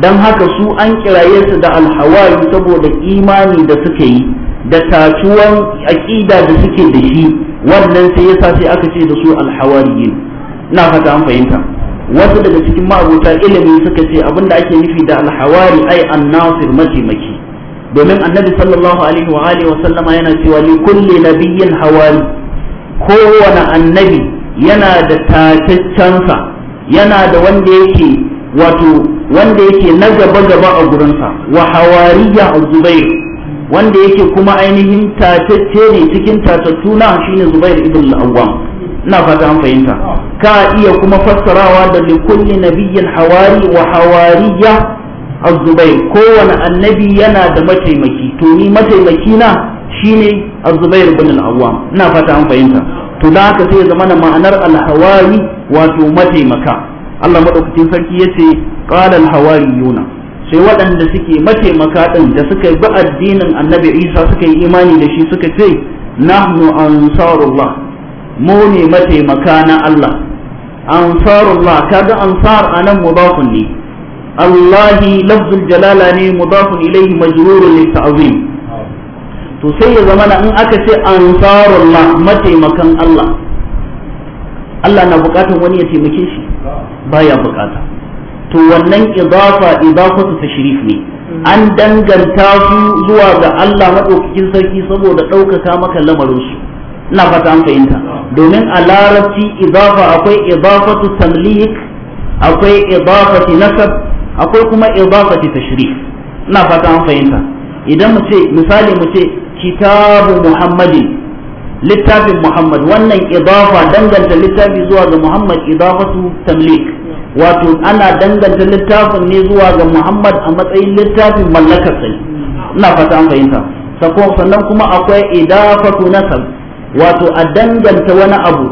don haka su an kiraye su da alhawari saboda imani da suka yi da tacuwan aƙida da suke da shi wannan sai yasa sai aka ce da su alhawariyin na fata an fahimta wasu daga cikin ma'abuta ilimi suka ce abinda ake nufi da alhawari ai annasir mataimaki domin annabi sallallahu alaihi wa alihi wa sallama yana cewa li kulli nabiyyin hawari kowane annabi yana da tataccensa yana da wanda yake wato wanda yake na gaba gaba a gurinsa wa hawariya zubair wanda yake kuma ainihin tatacce ne cikin tatattu na shine Zubair ibn al-Awwam ina fata an fahimta ka iya kuma fassarawa da likulli nabiyyin hawari wa hawariya az-Zubair kowane annabi yana da mataimaki to ni mataimaki na shine az-Zubair ibn al-Awwam ina fata an fahimta to da haka sai zama na ma'anar al-hawari wato mataimaka Allah madaukakin sarki yace qala al-hawariyuna sai waɗanda suke mataimaka ɗin da suka bi addinin annabi isa suka yi imani da shi suka ce nahnu ansarullah mu ne mataimaka na allah ansarullah kaga ansar anan mudafun ne allahi lafzul jalala ne mudafun ilaihi majrurun lit ta'zim to sai ya zama in aka ce ansarullah mataimakan allah allah na buƙatar wani ya taimake shi baya buƙata. to wannan idafa idafatu tashrif ne an danganta su zuwa ga Allah madaukakin sarki saboda ɗaukaka maka lamarin su ina fata an fahimta domin a larabci idafa akwai idafatu tamlik akwai idafati nasab akwai kuma idafati tashrif ina fata an fahimta idan mu ce misali mu ce kitabu muhammadin littafin muhammad wannan idafa danganta littafi zuwa ga muhammad idafatu tamlik wato ana danganta littafin ne zuwa ga Muhammad a matsayin littafin mallakar sai ina fata an fahimta sako sannan kuma akwai idafatu nasab wato a danganta wani abu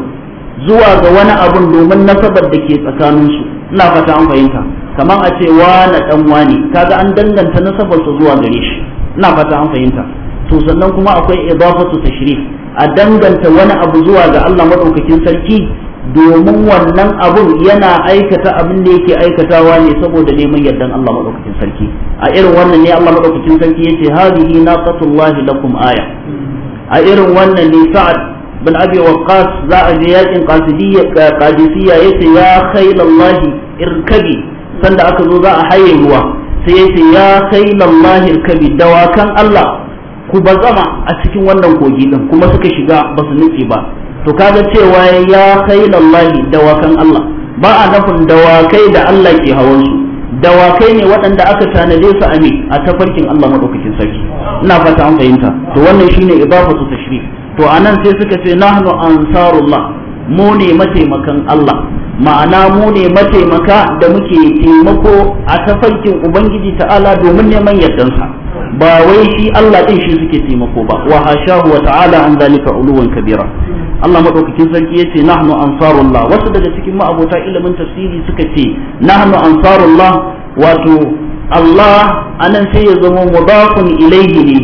zuwa ga wani abun domin nasabar da ke tsakanin su ina fata an fahimta kamar a ce wani dan wani kaga an danganta nasabar su zuwa gare shi ina fata an fahimta to sannan kuma akwai idafatu tashrif a danganta wani abu zuwa ga Allah madaukakin sarki domin wannan abun yana aikata abin da yake aikatawa ne saboda neman yardan Allah madaukakin sarki a irin wannan ne Allah madaukakin sarki yace hadihi naqatullahi lakum aya a irin wannan ne sa'ad bin abi waqqas za a je yakin qasidiyya eh, qadisiyya yace ya khailallahi irkabi sanda aka zo za a haye ruwa sai yace ya khailallahi irkabi dawakan Allah ku bazama a cikin wannan kogi din kuma suka shiga basu nutse ba to kaga cewa ya khailallahi dawakan Allah ba a nufin dawakai da Allah ke hawan su dawakai ne waɗanda aka tanade su a me a tafarkin Allah madaukakin sarki ina fata an fahimta to wannan shine idafatu tashrif to anan sai suka ce nahnu ansarullah mu ne mataimakan Allah ma'ana mu ne mataimaka da muke taimako a tafarkin ubangiji ta'ala domin neman yardansa ba wai shi Allah din shi suke taimako ba wa hashahu wa ta'ala an zalika uluwan kabira Allah madaukakin sarki yace nahnu ansarullah wasu daga cikin ma'abota ilimin tafsiri suka ce nahnu ansarullah wato Allah anan sai ya zama mudafun ilayhi ne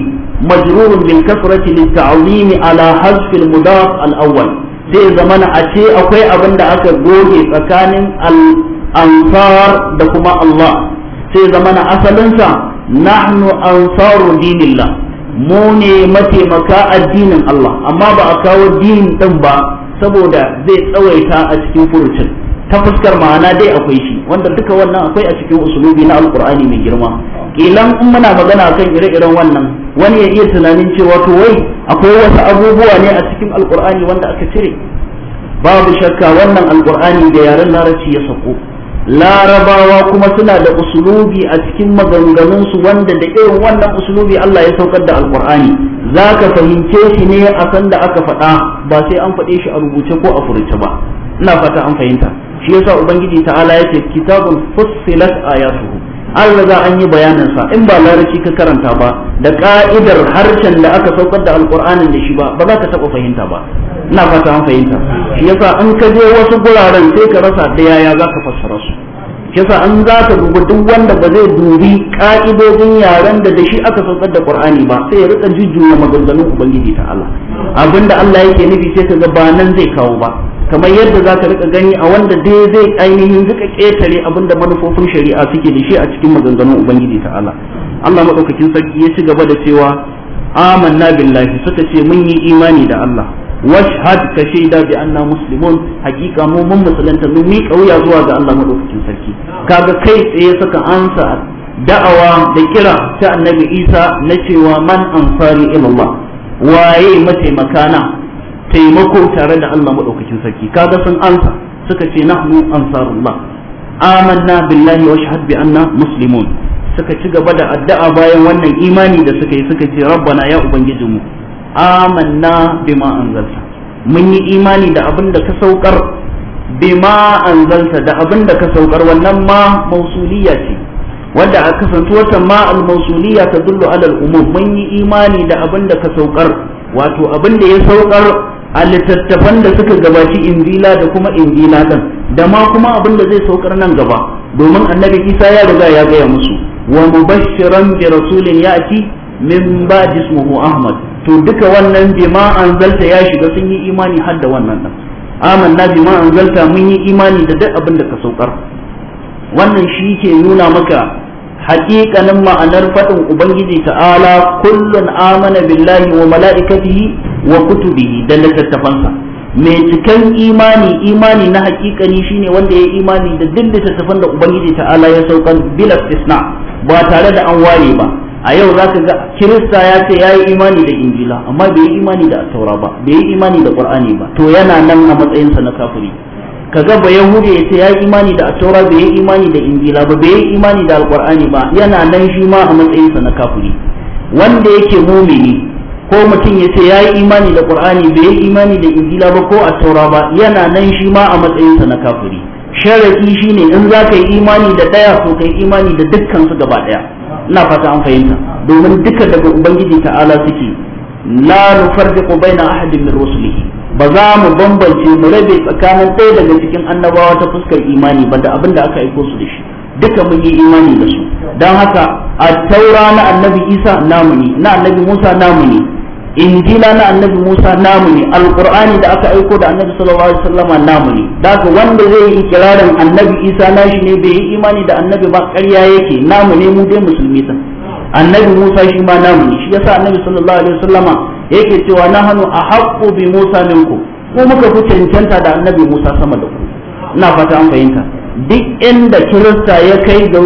majrurun bil kasrati lit ta'zimi ala hazf al mudaf al awwal sai zamana a ce akwai abin da aka goge tsakanin al ansar da kuma Allah sai zamana asalinsa nahnu ansaru dinillah mu ne mataimaka addinin Allah amma ba a kawo din din ba saboda zai tsawaita a cikin furucin ta fuskar ma'ana dai akwai shi wanda duka wannan akwai a cikin usulubi na alkur'ani mai girma kilan in muna magana akan ire-iren wannan wani ya iya tunanin cewa to wai akwai wasu abubuwa ne a cikin alkur'ani wanda aka cire babu shakka wannan alkur'ani da yaren larabci ya sako larabawa kuma suna da usulubi a cikin maganganunsu wanda da irin wannan usulubi Allah ya saukar da alkur'ani za ka fahimce shi ne a san da aka faɗa ba sai an faɗe shi a rubuce ko a furuce ba ina fata an fahimta shi yasa ubangiji ta'ala ya ce kitabun fussilat ayatuhu an riga an yi bayanin sa in ba larabci ka karanta ba da ka'idar harshen da aka saukar da alqur'anin da shi ba ba za ka taba fahimta ba ina fata an fahimta shi yasa an ka je wasu guraren sai ka rasa da yaya za ka fassara su shi yasa an za ka dubi duk wanda ba zai dubi ka'idodin yaren da da shi aka saukar da qur'ani ba sai ya rika jujjuya maganganun ubangiji ta Allah abinda Allah yake nufi sai ka ga ba nan zai kawo ba kamar yadda za ka rika gani a wanda dai zai ainihin rika ƙetare abinda manufofin shari'a suke da shi a cikin maganganun ubangiji ta'ala Allah madaukakin sarki ya ci gaba da cewa amanna billahi suka ce mun yi imani da Allah washhad ka shaida bi anna muslimun hakika mu mun musulunta mun miƙa wuya zuwa ga Allah madaukakin sarki kaga kai tsaye suka ansa da'awa da kira ta annabi Isa na cewa man ansari ila Allah waye mataimakana taimako tare da Allah maɗaukakin sarki kaga sun ansa suka ce nahnu ansarullah amanna billahi wa shahad bi anna muslimun suka ci gaba da addu'a bayan wannan imani da suka yi suka ce rabbana ya ubangijinmu amanna bima anzalta mun yi imani da abin da ka saukar bima anzalta da abin da ka saukar wannan ma mausuliya ce wanda a kasantuwarta ma al-mausuliya ta dullu alal umum mun yi imani da abin da ka saukar wato abin da ya saukar a littattafan da suka gabaci injila da kuma injila din da ma kuma abin da zai saukar nan gaba domin annabi isa ya riga ya gaya musu wa mubashiran bi rasulin ya'ti min ba'di ismuhu ahmad to duka wannan ma anzalta ya shiga sun yi imani har da wannan din amanna ma anzalta mun yi imani da duk abin da ka saukar wannan shi ke nuna maka haƙiƙanin ma'anar faɗin ubangiji ta'ala kullun amana billahi wa mala'ikatihi wa kutubihi da littattafansa mai cikin imani imani na haƙiƙani shine wanda ya imani da duk littattafan da ubangiji ta'ala ya saukar bila istisna ba tare da an ware ba a yau zaka ga kirista ya ce ya yi imani da injila amma bai yi imani da taura ba bai yi imani da Ƙur'ani ba to yana nan a matsayinsa na kafiri ka ga ba yahudi ya ce ya yi imani da atora bai yi imani da injila ba bai yi imani da alqur'ani ba yana nan shi ma a matsayinsa na kafiri wanda yake mumini ko mutum ya ce ya yi imani da qur'ani bai yi imani da injila ba ko atora ba yana nan shi ma a matsayinsa na kafiri sharadi shine in za ka yi imani da ɗaya to ka yi imani da dukkan su gaba ɗaya ina fata an fahimta domin duka daga ubangiji ta'ala suke la nufarriqu baina ahadin min rusulihi ba za mu bambance mu rabe tsakanin ɗaya daga cikin annabawa ta fuskar imani ba da abin da aka aiko su da shi duka mun yi imani da su don haka a taura na annabi isa namu ne na annabi musa namu ne injila na annabi musa namu ne Alƙur'ani da aka aiko da annabi sallallahu alaihi wasallama namu ne da daga wanda zai yi ikirarin annabi isa nashi ne bai yi imani da annabi ba ƙarya yake namu ne mu dai musulmi san annabi musa shi ma namu ne shi yasa annabi sallallahu alaihi wasallama yake cewa a haƙƙo bi Musa minku ko muka fi cancanta da annabi Musa sama da ku ina fata an fahimta duk inda kirista ya kai ga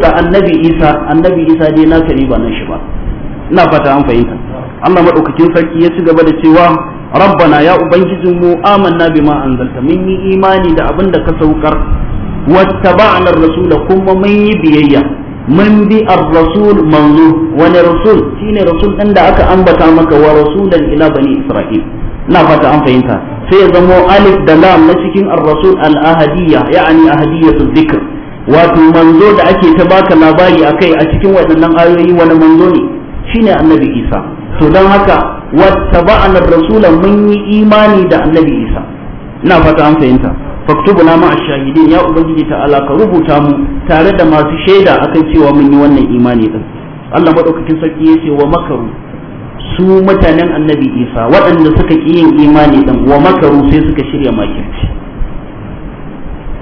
da annabi Isa annabi Isa dai na kari ba nan shi ba ina fata an fahimta Allah madaukakin sarki ya ci gaba da cewa rabbana ya ubangijinmu amanna bima anzalta mun yi imani da abin da ka saukar wattaba'na ar-rasula kuma mun yi biyayya Mun bi ar-rasul wani rasul shine rasul ɗin da aka ambata maka wa rasulan ila bani isra'il na fata an fahimta sai ya zamo alif da lam na cikin ar wato manzo da ake ta baka labari a kai a cikin waɗannan ayoyi wani manzo ne shine annabi isa to don haka wata ar-rasula mun yi imani da annabi isa na fata an fahimta faktubuna ma ashahidin ya ubangiji ta'ala ka rubuta mu tare da masu shaida akan cewa mun yi wannan imani din Allah madaukakin sarki yace wa makaru su mutanen annabi Isa waɗanda suka ki yin imani din wa makaru sai suka shirya makirci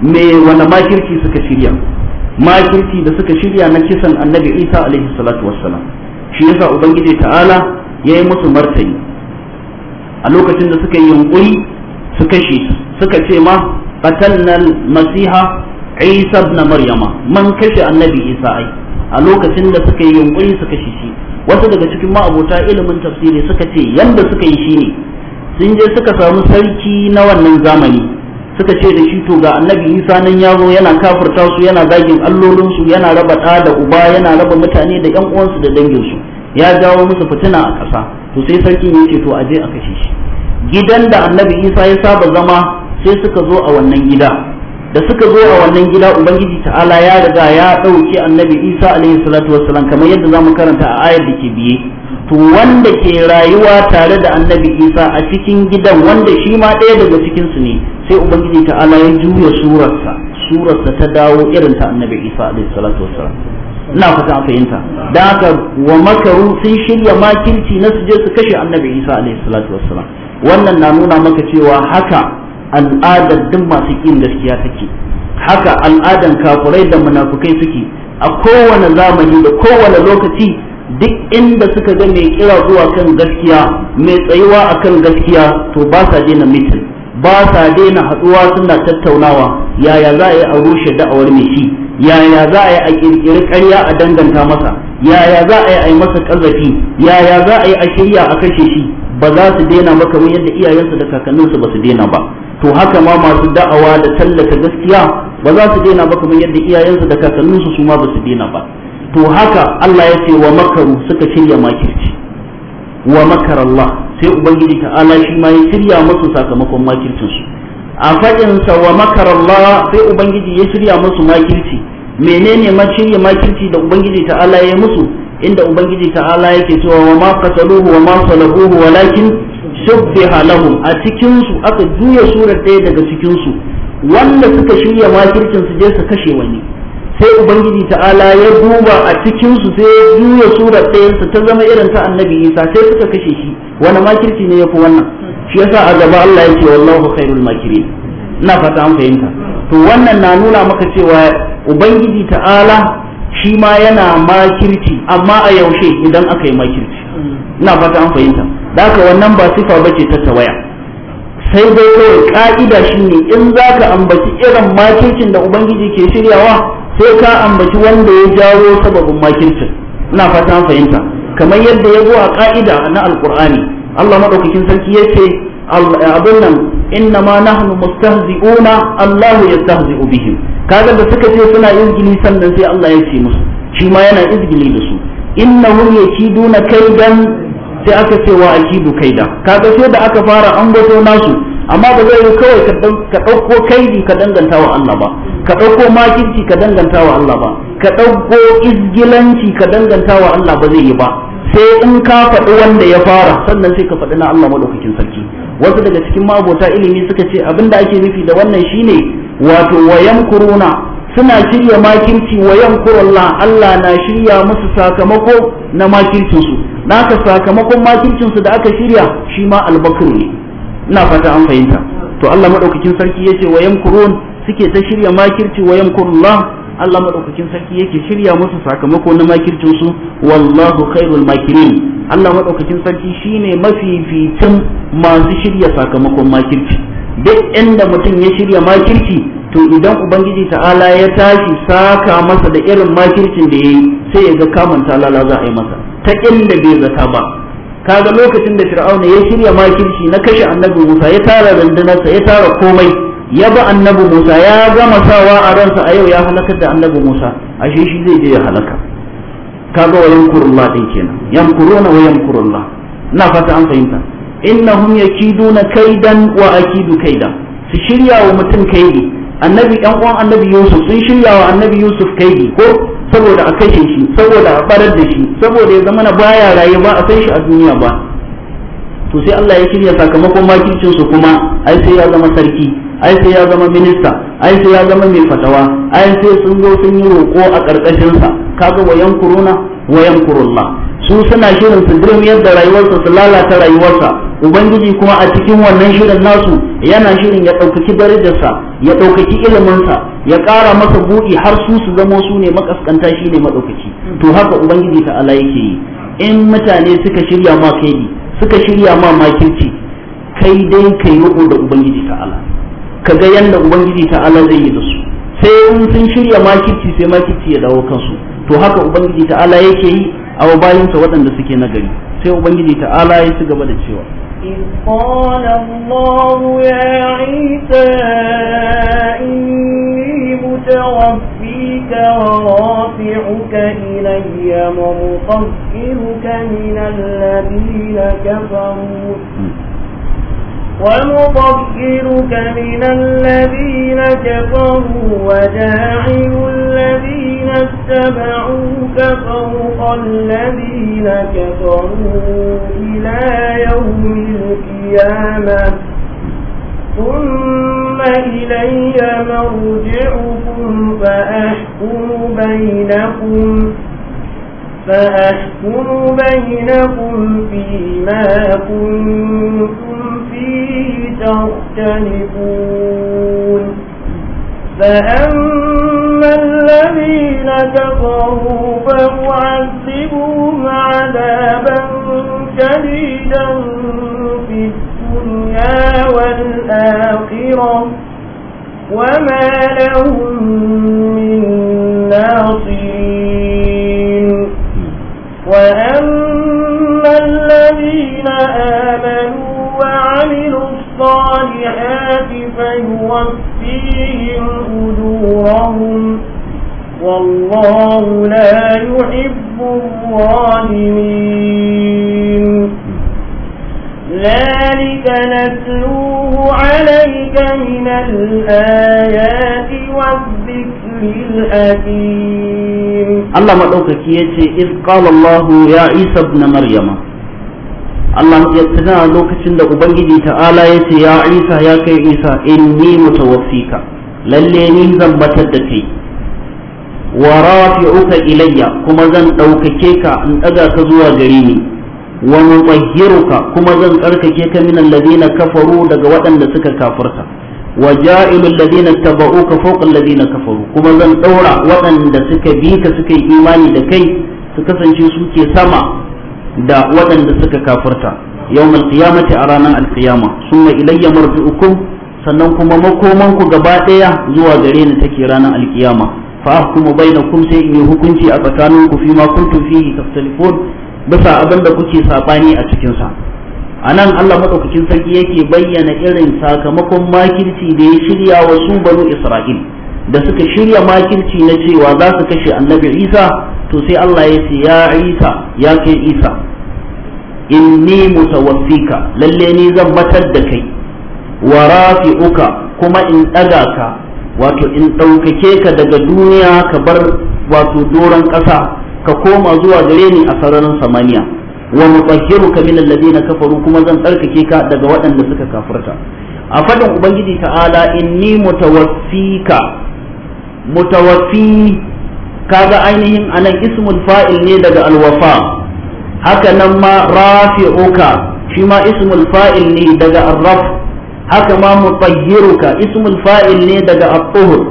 me wani makirci suka shirya makirci da suka shirya na kisan annabi Isa alaihi salatu wassalam shi yasa ubangiji ta'ala yi musu martani a lokacin da suka yi yunkuri su kashe su suka ce ma قتلنا المسيح masiha ابن مريم Maryama كشى kashe annabi Isa a lokacin da suka yi yunkuri suka shi shi wasu daga cikin ma'abota ilimin tafsiri suka ce yanda suka yi shi ne sun je suka samu sarki na wannan zamani suka ce da shi to ga annabi Isa nan ya zo yana kafirta su yana zagin allolinsu yana raba ɗa da uba yana raba mutane da ƴan uwansu da danginsu ya jawo musu fitina a ƙasa to sai sarkin ya ce to a je a kashe shi gidan da annabi Isa ya saba zama sai suka zo a wannan gida da suka zo a wannan gida ubangiji ta'ala ya riga ya ɗauki annabi isa alaihi salatu wassalam kamar yadda zamu karanta a ayar da ke biye to wanda ke rayuwa tare da annabi isa a cikin gidan wanda shi ma ɗaya daga cikin su ne sai ubangiji ta'ala ya juya surarsa surarsa ta dawo irin ta annabi isa alaihi salatu wassalam ina fata a fahimta da haka wa makaru sun shirya makirci na su je su kashe annabi isa alaihi salatu wassalam wannan na nuna maka cewa haka al'adar duk masu ƙin gaskiya take haka al'adan kafurai da munafukai suke a kowane zamani da kowane lokaci duk inda suka ga mai kira zuwa kan gaskiya mai tsayuwa akan gaskiya to ba sa daina mitin ba sa daina haɗuwa suna tattaunawa yaya za a yi a rushe da'awar mai shi yaya za a yi a ƙirƙiri ƙarya a danganta masa yaya za a yi a yi masa ƙazafi yaya za a yi a shirya a kashe shi ba za su daina ba kamar yadda iyayensu da kakanninsu ba su daina ba to haka ma masu da'awa da tallata gaskiya ba za su daina ba kamar yadda iyayensu da kakanninsu su ma ba su daina ba to haka Allah ya ce wa makaru suka shirya makirci wa makar Allah sai ubangiji ta'ala shi ma ya shirya musu sakamakon makircin su a sa wa makar Allah sai ubangiji ya shirya musu makirci menene ma shirya makirci da ubangiji ta'ala ya musu inda ubangiji ta'ala yake cewa wa ma qataluhu wa ma salahuhu walakin shubbiha lahum a cikin su aka juya surar ɗaya daga cikin su wanda suka shirya makircin su je su kashe wani sai ubangiji ta'ala ya duba a cikin su sai juya surar ɗaya su ta zama irin ta annabi isa sai suka kashe shi wani makirci ne ya fi wannan shi yasa a gaba Allah yake wallahu khairul makirin ina fata an fahimta to wannan na nuna maka cewa ubangiji ta'ala shi ma yana makirci amma a yaushe idan aka yi makirci ina fata an fahimta da ka wannan ba sifa bace ta tawaya sai dai kawai ka'ida shine in za ka ambaci irin makircin da ubangiji ke shiryawa sai ka ambaci wanda ya jawo sababin makircin ina fata an fahimta kamar yadda ya zo a ka'ida na alqur'ani Allah madaukakin sarki yace abin nan inna ma nahnu mustahzi'una Allah yastahzi'u bihim kaga da suka ce suna izgili sannan sai Allah ya ce musu shi ma yana izgili da su innahum yakiduna kaidan sai aka ce wa akidu kaida kaga sai da aka fara an goto nasu amma ba zai yi kawai ka ɗauko kaidi ka danganta wa Allah ba ka ɗauko makirci ka danganta wa Allah ba ka ɗauko izgilanci ka danganta wa Allah ba zai yi ba sai in ka faɗi wanda ya fara sannan sai ka faɗi na Allah maɗaukakin sarki wasu daga cikin ma'abota ilimi suka ce abin da ake nufi da wannan shine wato wayan kuruna suna shirya makirci wa yankurullah Allah na shirya musu sakamako na makircinsu naka sakamakon makircin su da aka shirya shi ma albakar ne ina fata an fahimta to Allah madaukakin sarki yace wa yamkurun suke ta shirya makirci wa yamkurullah Allah madaukakin sarki yake shirya musu sakamako na makircin su wallahu khairul makirin Allah madaukakin sarki shine mafificin masu shirya sakamakon makirci duk inda mutum ya shirya makirci to idan ubangiji ta'ala ya tashi saka masa da irin makircin da yi sai ya ga kamun lala za a yi masa ta inda bai zata ba kaga lokacin da fir'auna ya shirya makirci na kashe annabi Musa ya tara rundunarsa ya tara komai ya ba annabi Musa ya gama sawa a ransa a yau ya halakar da annabi Musa ashe shi zai je ya halaka kaga wa yankurullah din kenan yankuruna wa yankurullah na fata an fahimta innahum yakiduna kaidan wa akidu kaida su shirya wa mutum kaidi annabi ɗan uwan annabi yusuf sun shirya wa annabi yusuf kai ko saboda a kashe shi saboda a barar da shi saboda ya zama na baya rayu ba a san shi a duniya ba to sai Allah ya shirya sakamakon makircin su kuma ai sai ya zama sarki ai sai ya zama minista ai sai ya zama mai fatawa ai sai sun zo sun yi roko a karkashin sa kaga wayan yankuruna wayan yankurullah su suna shirin su yadda rayuwarsa su lalata rayuwarsa ubangiji kuma a cikin wannan shirin nasu yana shirin ya ɗaukaki darajarsa ya ɗaukaki iliminsa ya ƙara masa buɗi har su su zamo su ne makaskanta shi ne maɗaukaki to haka ubangiji ta ala yake yi in mutane suka shirya ma kaidi suka shirya ma makirci kai dai kai roƙo da ubangiji ta ala ka ga yadda ubangiji ta ala zai yi da su sai in sun shirya makirci sai makirci ya dawo kansu to haka ubangiji ta ala yake yi a bayansa waɗanda suke nagari sai ubangiji ta ala ya ci gaba da cewa إذ قال الله يا عيسى إني متوفيك ورافعك إلي ومطهرك من الذين كفروا ونطهرك من الذين كفروا وجاعل الذين اتبعوك فوق الذين كفروا إلى يوم القيامة ثم إلي مرجعكم فأحكم بينكم فأحكم بينكم فيما كنتم فيه تختلفون فأما الذين كفروا فأعذبهم عذابا شديدا في الدنيا والآخرة وما لهم من ناصرين وأما الذين آمنوا وعملوا الصالحات فيوفيهم أجورهم والله لا يحب الظالمين ذلك نتلوه عليك من الآيات والذكر الحكيم الله مدوكك يجي إذ قال الله يا عيسى ابن مريم Allah ya tuna lokacin da Ubangiji ta'ala ya ce ya Isa ya kai Isa inni mutawaffika lalle ni zan batar da kai wa rafi'uka ilayya kuma zan ɗaukake ka in ɗaga ka zuwa gare ni wa mutahhiruka kuma zan tsarkake ka min alladhina kafaru daga waɗanda suka kafarta wa ja'il alladhina tabauka fawqa alladhina kafaru kuma zan ɗaura waɗanda suka bi ka imani da kai su kasance suke sama da waɗanda suka kafirta yawmal qiyamati a ranar alqiyama summa ilayya marji'ukum sannan kuma makoman ku gaba ɗaya zuwa gare ni take ranar alqiyama fa ahkumu bainakum sai in yi hukunci a tsakaninku fi ma kuntum fihi tastalifun bisa abin da kuke saɓani a cikinsa a nan allah maɗaukakin sarki yake bayyana irin sakamakon makirci da ya shirya wa su banu isra'il da suka shirya makirci na cewa za su kashe annabi isa to sai allah ya ce ya isa ya kai isa inni mutawaffika lalle ni zan batar da kai wa rafi'uka kuma in ɗaga ka wato in ɗaukake ka daga duniya ka bar wato doron ƙasa ka koma zuwa gare ni a sararin samaniya wa mutahhiruka min alladhina kafaru kuma zan tsarkake ka daga waɗanda suka kafirta a fadin ubangiji ta'ala inni mutawaffika mutawaffi kaga ainihin anan ismul fa'il ne daga alwafa haka nan ma rafi'uka shi ma ismul fa'il ne daga arraf haka ma mutahhiruka ismul fa'il ne daga at-tuhur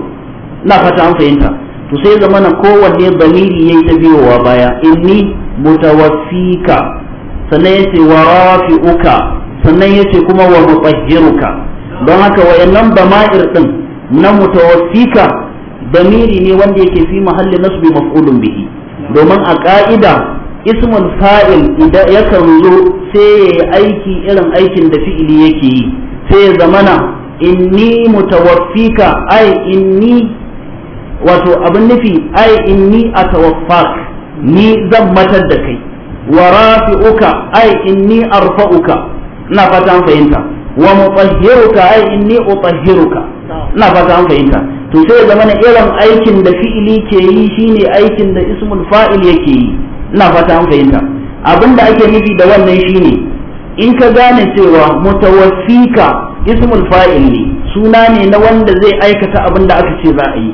na fata an fahimta to sai zama na kowanne zamiri yi ta biyowa baya inni mutawaffika sannan ya ce wa uka sannan ya ce kuma wa mutahhiruka don haka wayannan dama'ir din na mutawaffika damiri ne wanda yake fi mahalli nasbi maf'ulun bihi domin a ka'ida ismul fa'il idan yakan zo sai ya yi aiki irin aikin da fi'ili yake yi sai ya zamana inni mutawaffika ai inni wato abin nufi ai inni atawaffak ni zan matar da kai wa rafi'uka ai inni arfa'uka ina fata an fahimta wa mutahhiruka ai inni utahhiruka ina fata an fahimta to sai ya zama na irin aikin da fi'ili ke yi shine aikin da ismul fa'il yake yi ina fata an fahimta abinda ake nufi da wannan shine in ka gane cewa mutawaffika ismul fa'il ne suna ne na wanda zai aikata abin da aka ce za a yi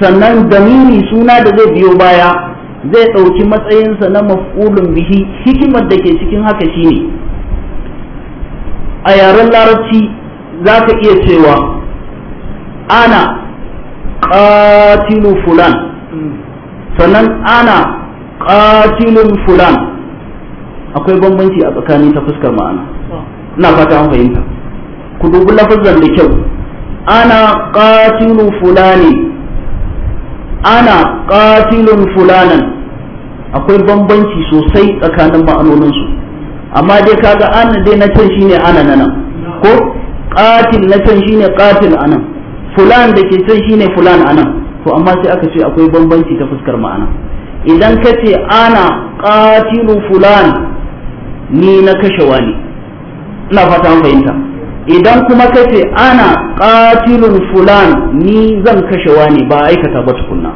sannan damini suna da zai biyo baya zai ɗauki matsayinsa na maf'ulun bihi hikimar da ke cikin haka shine a yaren larabci za ka iya cewa ana ƙatilu fulan sannan ana ƙatilun fulan akwai bambanci a tsakanin ta fuskar ma'ana ina fata an fahimta ku dubi lafazan da kyau ana ƙatilu fulani ana qatilun fulanan akwai bambanci sosai tsakanin ma'anoninsu amma dai kaga ana dai na can shine ana nana ko qatil na can shine qatil anan fulan da ke can shine fulan anan to amma sai aka ce akwai bambanci ta fuskar ma'ana idan ka ce ana qatilu fulan ni na kashe wani ina fata an fahimta idan kuma kace ana qatilun fulan ni zan kashe wani ba aikata ba tukunna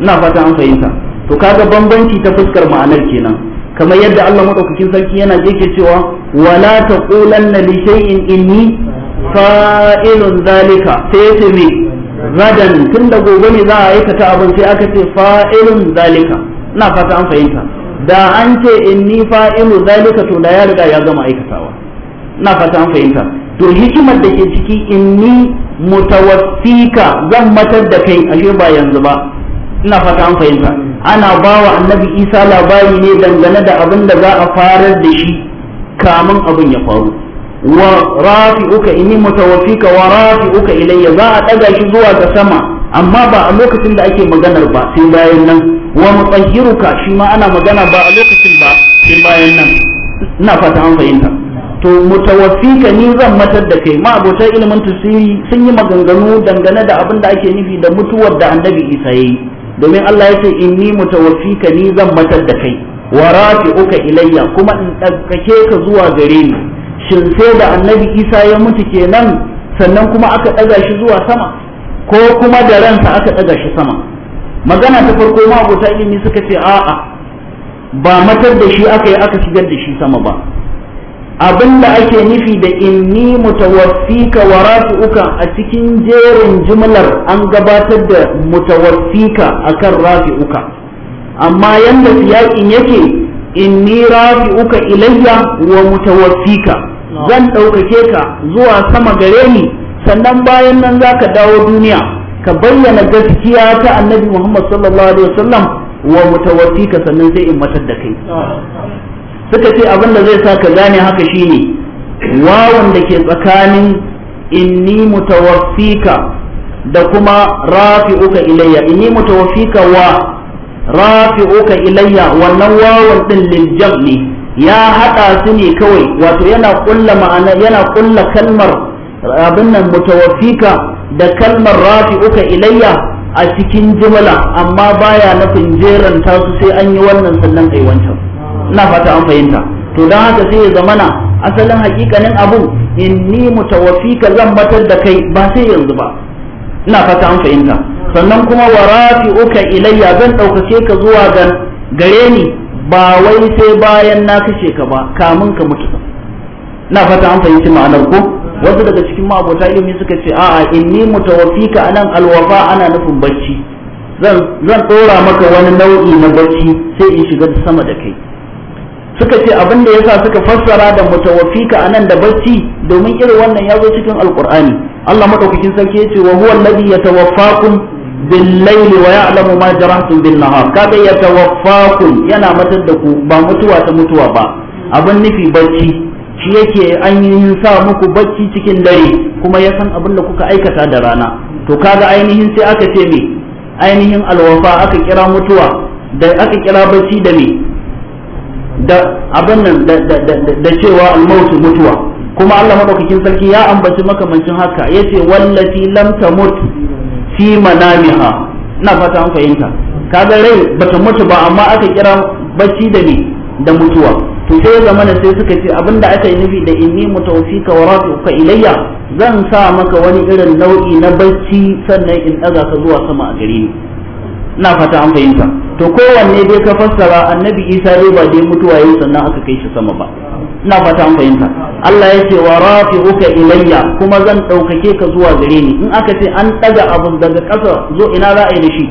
ina fata an fahimta to kaga bambanci ta fuskar ma'anar kenan kamar yadda Allah madaukakin sarki yana yake cewa wala taqulanna li shay'in inni fa'ilun zalika sai ce me gadan tunda gobe ne za a aikata abin sai aka ce fa'ilun zalika ina fata an fahimta da an ce inni fa'ilu zalika to da ya riga ya gama aikatawa ina fata an fahimta to hikimar da ke ciki in ni mutawaffika zan matar da kai ashe ba yanzu ba ina fata an fahimta ana ba wa annabi isa labari ne dangane da abin da za a farar da shi kamun abin ya faru wa rafi'uka inni mutawaffika wa rafi'uka ilayya za a daga shi zuwa ga sama amma ba a lokacin da ake maganar ba sai bayan nan wa mutahhiruka shi ma ana magana ba a lokacin ba sai bayan nan ina fata an fahimta to mutawaffika ni zan matar da kai ma abota ilimin tasiri sun yi maganganu dangane da abin da ake nufi da mutuwar da annabi isa yayi domin Allah ya ce inni mutawaffika ni zan matar da kai wa rafi'uka ilayya kuma in tsakake ka zuwa gare ni shin sai da annabi isa ya mutu kenan sannan kuma aka ɗaga shi zuwa sama ko kuma da ransa aka ɗaga shi sama magana ta farko ma abota ilimi suka ce a'a ba matar da shi aka yi aka shigar da shi sama ba abinda ake nufi da inni mutawaffika wa rafi'uka a cikin jerin jumlar an gabatar da mutawaffika akan rafi'uka amma yanda siyakin yake inni rafi'uka ilayya wa mutawaffika zan ɗaukake ka zuwa sama gare ni sannan bayan nan za ka dawo duniya ka bayyana gaskiya ta annabi muhammad sallallahu alaihi wasallam wa mutawaffika sannan sai in matar da kai suka ce abin da zai sa ka gane haka shine wawan da ke tsakanin inni mutawaffika da kuma rafi'uka ilayya inni mutawaffika wa rafi'uka ilayya wannan wawan din liljab ne ya hada su ne kawai wato yana kulla ma'ana yana kulla kalmar abin nan mutawaffika da kalmar rafi'uka ilayya a cikin jimla amma baya nufin jeranta su sai an yi wannan sannan ai ina fata an fahimta to don haka sai ya zamana asalin hakikanin abu inni mutawaffika zan batar da kai ba sai yanzu ba ina fata an fahimta sannan kuma wa rafi'uka ilayya zan ɗaukake ka zuwa ga gare ni ba wai sai bayan na kashe ka ba kamun ka mutu ina fata an fahimci ma'anar ko wasu daga cikin ma'abota ilimi suka ce a'a inni mutawaffika anan alwafa ana nufin barci zan zan dora maka wani nau'i na barci sai in shiga sama da kai suka ce abin da yasa suka fassara da mutawaffika anan da barci domin irin wannan ya zo cikin alqur'ani Allah madaukakin sarki ya ce wa huwa alladhi yatawaffakum bil layli wa ya'lamu ma jarahtum bin nahar kaga yatawaffakum yana matar da ku ba mutuwa ta mutuwa ba abin nufi barci shi yake an yi sa muku barci cikin dare kuma ya san abin da kuka aikata da rana to kaga ainihin sai aka ce me ainihin alwafa aka kira mutuwa da aka kira barci da me da abin nan da cewa almautu mutuwa kuma Allah madaukakin sarki ya ambaci makamancin haka yace wallati lam tamut fi manamiha ina fata an fahimta kaga rai bata mutu ba amma aka kira bacci da ne da mutuwa to sai ya mana sai suka ce abinda aka yi nufi da inni mutawfika wa rafi'uka ilayya zan sa maka wani irin nau'i na bacci sannan in daga ka zuwa sama a gare ni ina fata an fahimta to kowanne dai ka fassara annabi isa dai ba dai mutuwa yi sannan aka kai shi sama ba ina fata an fahimta Allah ya ce wa rafi'uka ilayya kuma zan ɗaukake ka zuwa gare ni in aka ce an ɗaga abun daga ƙasa zo ina za a yi da shi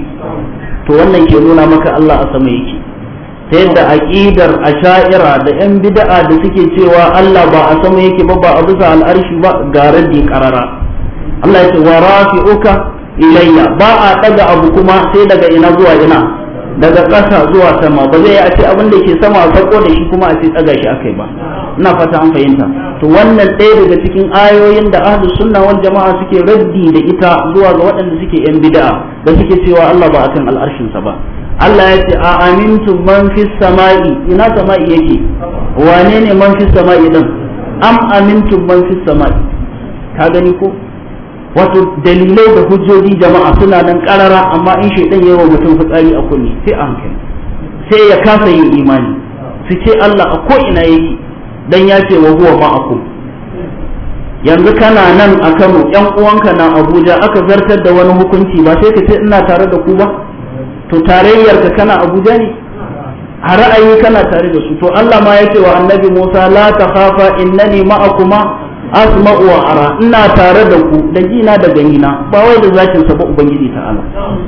to wannan ke nuna maka Allah a sama yake ta yadda aƙidar asha'ira da 'yan bida'a da suke cewa Allah ba a sama yake ba ba a bisa al'arshi ba ga raddi karara Allah ya ce wa rafi'uka ilayya ba a ɗaga abu kuma sai daga ina zuwa ina daga ƙasa zuwa sama ba zai a ce abin da ke sama a farko da shi kuma a ce tsaga shi akai ba ina fata an fahimta to wannan ɗaya daga cikin ayoyin da ahlu sunna wal jama'a suke raddi da ita zuwa ga waɗanda suke yan bid'a da suke cewa Allah ba a kan al'arshin sa ba Allah ya ce a amintu man fis sama'i ina sama'i yake wane ne man fis sama'i din am amintu man fis sama'i ka gani ko wato dalilai da hujjoji jama'a suna nan karara amma in shaidan yawa mutum fitsari a kunne sai a hankali sai ya kasa yin imani su ce Allah a ko ina yi dan ya ce wa huwa ma'aku yanzu kana nan a Kano yan uwanka na Abuja aka zartar da wani hukunci ba sai ka ce ina tare da ku ba to tarayyar ka kana Abuja ne a ra'ayi kana tare da su to Allah ma ya ce wa Annabi Musa la takhafa innani ma'akuma asma'u wa ara ina tare da ku da gina da ganina ba wai da zakin sa ba ubangiji ala,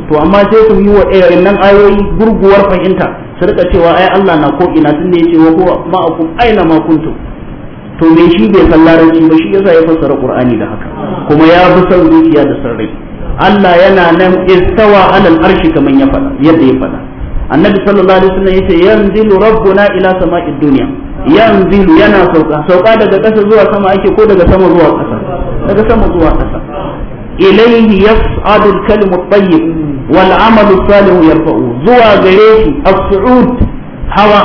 to amma sai su yi wa irin nan ayoyi gurguwar fahimta su rika cewa ai Allah na ko ina tunda yace wa huwa ma'akum aina ma kuntum to me shi bai san ba shi yasa ya fassara qur'ani da haka kuma ya fi son zuciya da sarrai Allah yana nan istawa alal arshi kaman ya faɗa yadda ya faɗa annabi sallallahu alaihi wasallam yace yanzilu rabbuna ila sama'id dunya yanzilu yana sauka sauka daga ƙasa zuwa sama ake ko daga sama zuwa ƙasa daga sama zuwa ƙasa ilayhi yas'adu al-kalimu at-tayyib wal 'amalu as-salih yarfa'u zuwa gare shi as-su'ud hawa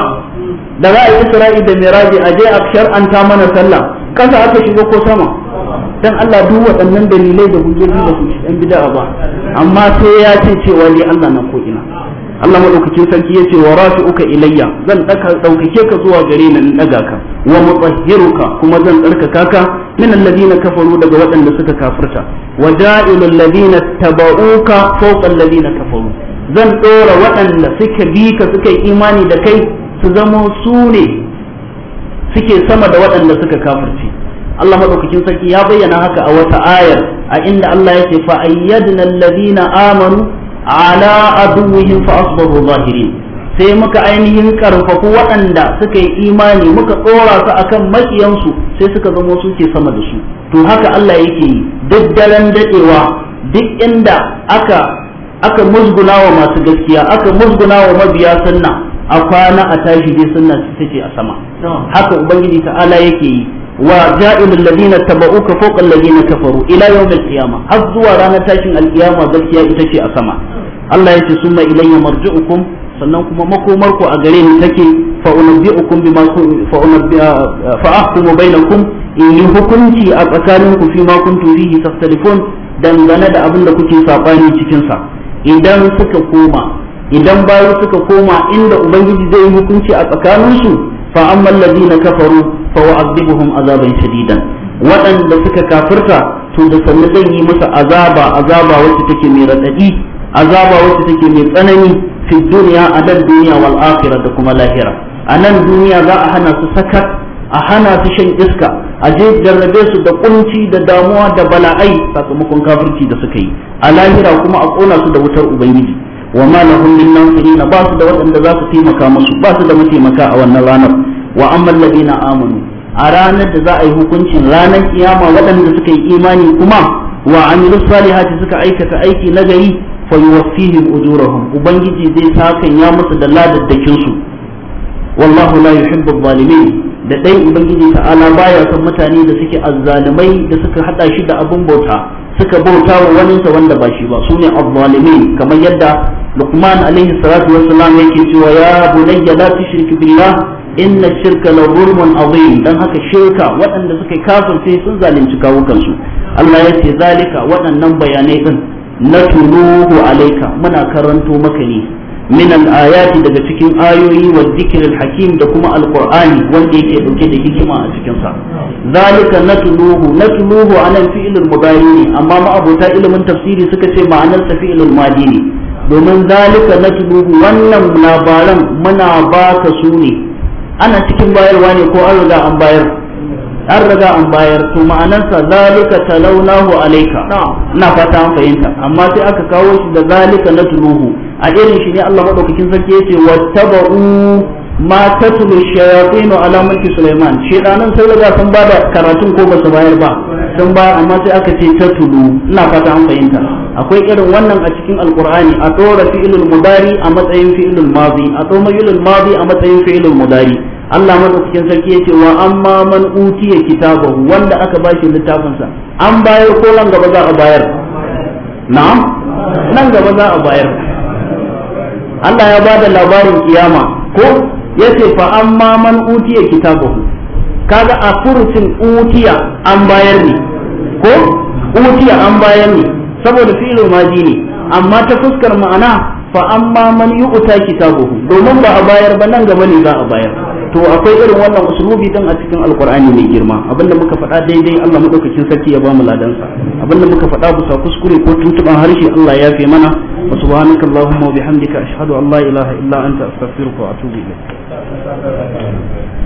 da za a yi isra'i da miraji a je a shar'anta mana sallah ƙasa aka shiga ko sama dan Allah duk waɗannan dalilai da hujjoji ba su yan bid'a ba amma sai ya ce cewa ni Allah na ko ina Allah maɗaukakin sarki ya ce wa uka ilayya zan ɗaukake ka zuwa gare na in daga ka wa mutahhiruka kuma zan tsarkaka ka min alladhina kafaru daga waɗanda suka kafirta wa da'ilul ladina tabauka fawqa alladhina kafaru zan ɗora waɗanda suka bi ka suka yi imani da kai su zama su ne suke sama da waɗanda suka kafirce Allah maɗaukakin sarki ya bayyana haka a wata ayar a inda Allah ya ce fa ayyadna alladhina amanu ala aduwwihim fa asbahu sai muka ainihin karfafu waɗanda suka yi imani muka tsora su akan makiyansu sai suka zama suke sama da su to haka Allah yake yi duk daren dadewa duk inda aka aka musguna wa masu gaskiya aka musguna wa mabiya sunna a kwana a tashi dai sunna take a sama haka ubangiji ta ta'ala yake yi وجائل الذين اتبعوك فوق الذين كفروا الى يوم القيامه har zuwa ranar tashin alkiyama gaskiya ita ce a sama Allah ya ce summa ilayya marji'ukum sannan kuma makomar ku a gare ni take fa unabbi'ukum bima fa unabbi'a ah, ah, fa ahkumu bainakum in yi hukunci a tsakanin ku fi ma kuntum fihi taftalifun dangane da abin da kuke sabani cikin sa idan suka koma idan bayi suka koma inda ubangiji zai yi hukunci a tsakanin su fa amma alladhina kafaru fa wa'adhibuhum azaban shadidan waɗanda suka kafirta to da sannu zan yi masa azaba azaba wacce take mai radadi azaba wacce take mai tsanani fi duniya a nan duniya wal akhirah da kuma lahira a nan duniya za a hana su sakar a hana su shan iska a je jarrabe su da kunci da damuwa da bala'ai sakamakon kafirci da suka yi a lahira kuma a kona su da wutar ubangiji wa ma lahum min nasirin ba su da waɗanda za su taimaka musu ba su da mataimaka a wannan ranar wa amma na amanu a ranar da za a yi hukuncin ranar kiyama waɗanda suka yi imani kuma wa amilu salihati suka aikata aiki nagari fa yuwaffihim ujurahum ubangiji zai sakan ya musu da ladaddakin su wallahu la yuhibbu zalimin da dai ubangiji ta'ala baya son mutane da suke azzalimai da suka hada shi da abun bauta suka bauta wa wani wanda ba shi ba sune azzalimin kamar yadda Luqman alaihi salatu wassalam yake cewa ya bunayya la tushrik billah inna shirka la zulmun azim dan haka shirka waɗanda suka kafirce sun zalunci kawukansu Allah ya ce zalika waɗannan bayanai din natluhu alayka muna karanto maka ne min al-ayati daga cikin ayoyi wa zikril hakim da kuma alqur'ani wanda yake dauke da hikima a cikinsa. cikin sa zalika natluhu natluhu anan fi'lul mudari ne amma ma ilimin tafsiri suka ce ma'anarsa sa fi'lul ne domin zalika natluhu wannan labaran muna baka su ne ana cikin bayarwa ne ko an riga an bayar an riga an bayar to ma'anarsa zalika talaunahu alayka ina fata an fahimta amma sai aka kawo shi da zalika na tuluhu a irin shi ne Allah madaukakin sarki yace wattaba'u ma tatlu shayatin ala mulki sulaiman shedanan sai riga sun ba da karatun ko ba su bayar ba sun ba amma sai aka ce tatlu ina fata an fahimta akwai irin wannan a cikin alqur'ani a dora fi'ilul mudari a matsayin fi'ilul madi a dora fi'ilul madi a matsayin fi'ilul mudari Allah madaukakin sarki yace wa amma man utiya kitabahu wanda aka shi littafin sa an bayar ko nan gaba za a bayar na'am nan gaba za a bayar Allah ya bada labarin kiyama ko yace fa amma man utiya kitabahu kaga a furucin utiya an bayar ne ko utiya an bayar ne saboda filo maji ne amma ta fuskar ma'ana fa amma man yu'ta kitabuhu domin ba a bayar ba nan gaba ne za a bayar to akwai irin wannan usulubi dan a cikin alkur'ani mai girma abinda muka faɗa daidai Allah madaukakin sarki ya bamu ladansa abinda muka faɗa bisa kuskure ko tuntuban harshe Allah ya fi mana wa subhanaka allahumma wa bihamdika ashhadu an la ilaha illa anta astaghfiruka wa atubu ilayk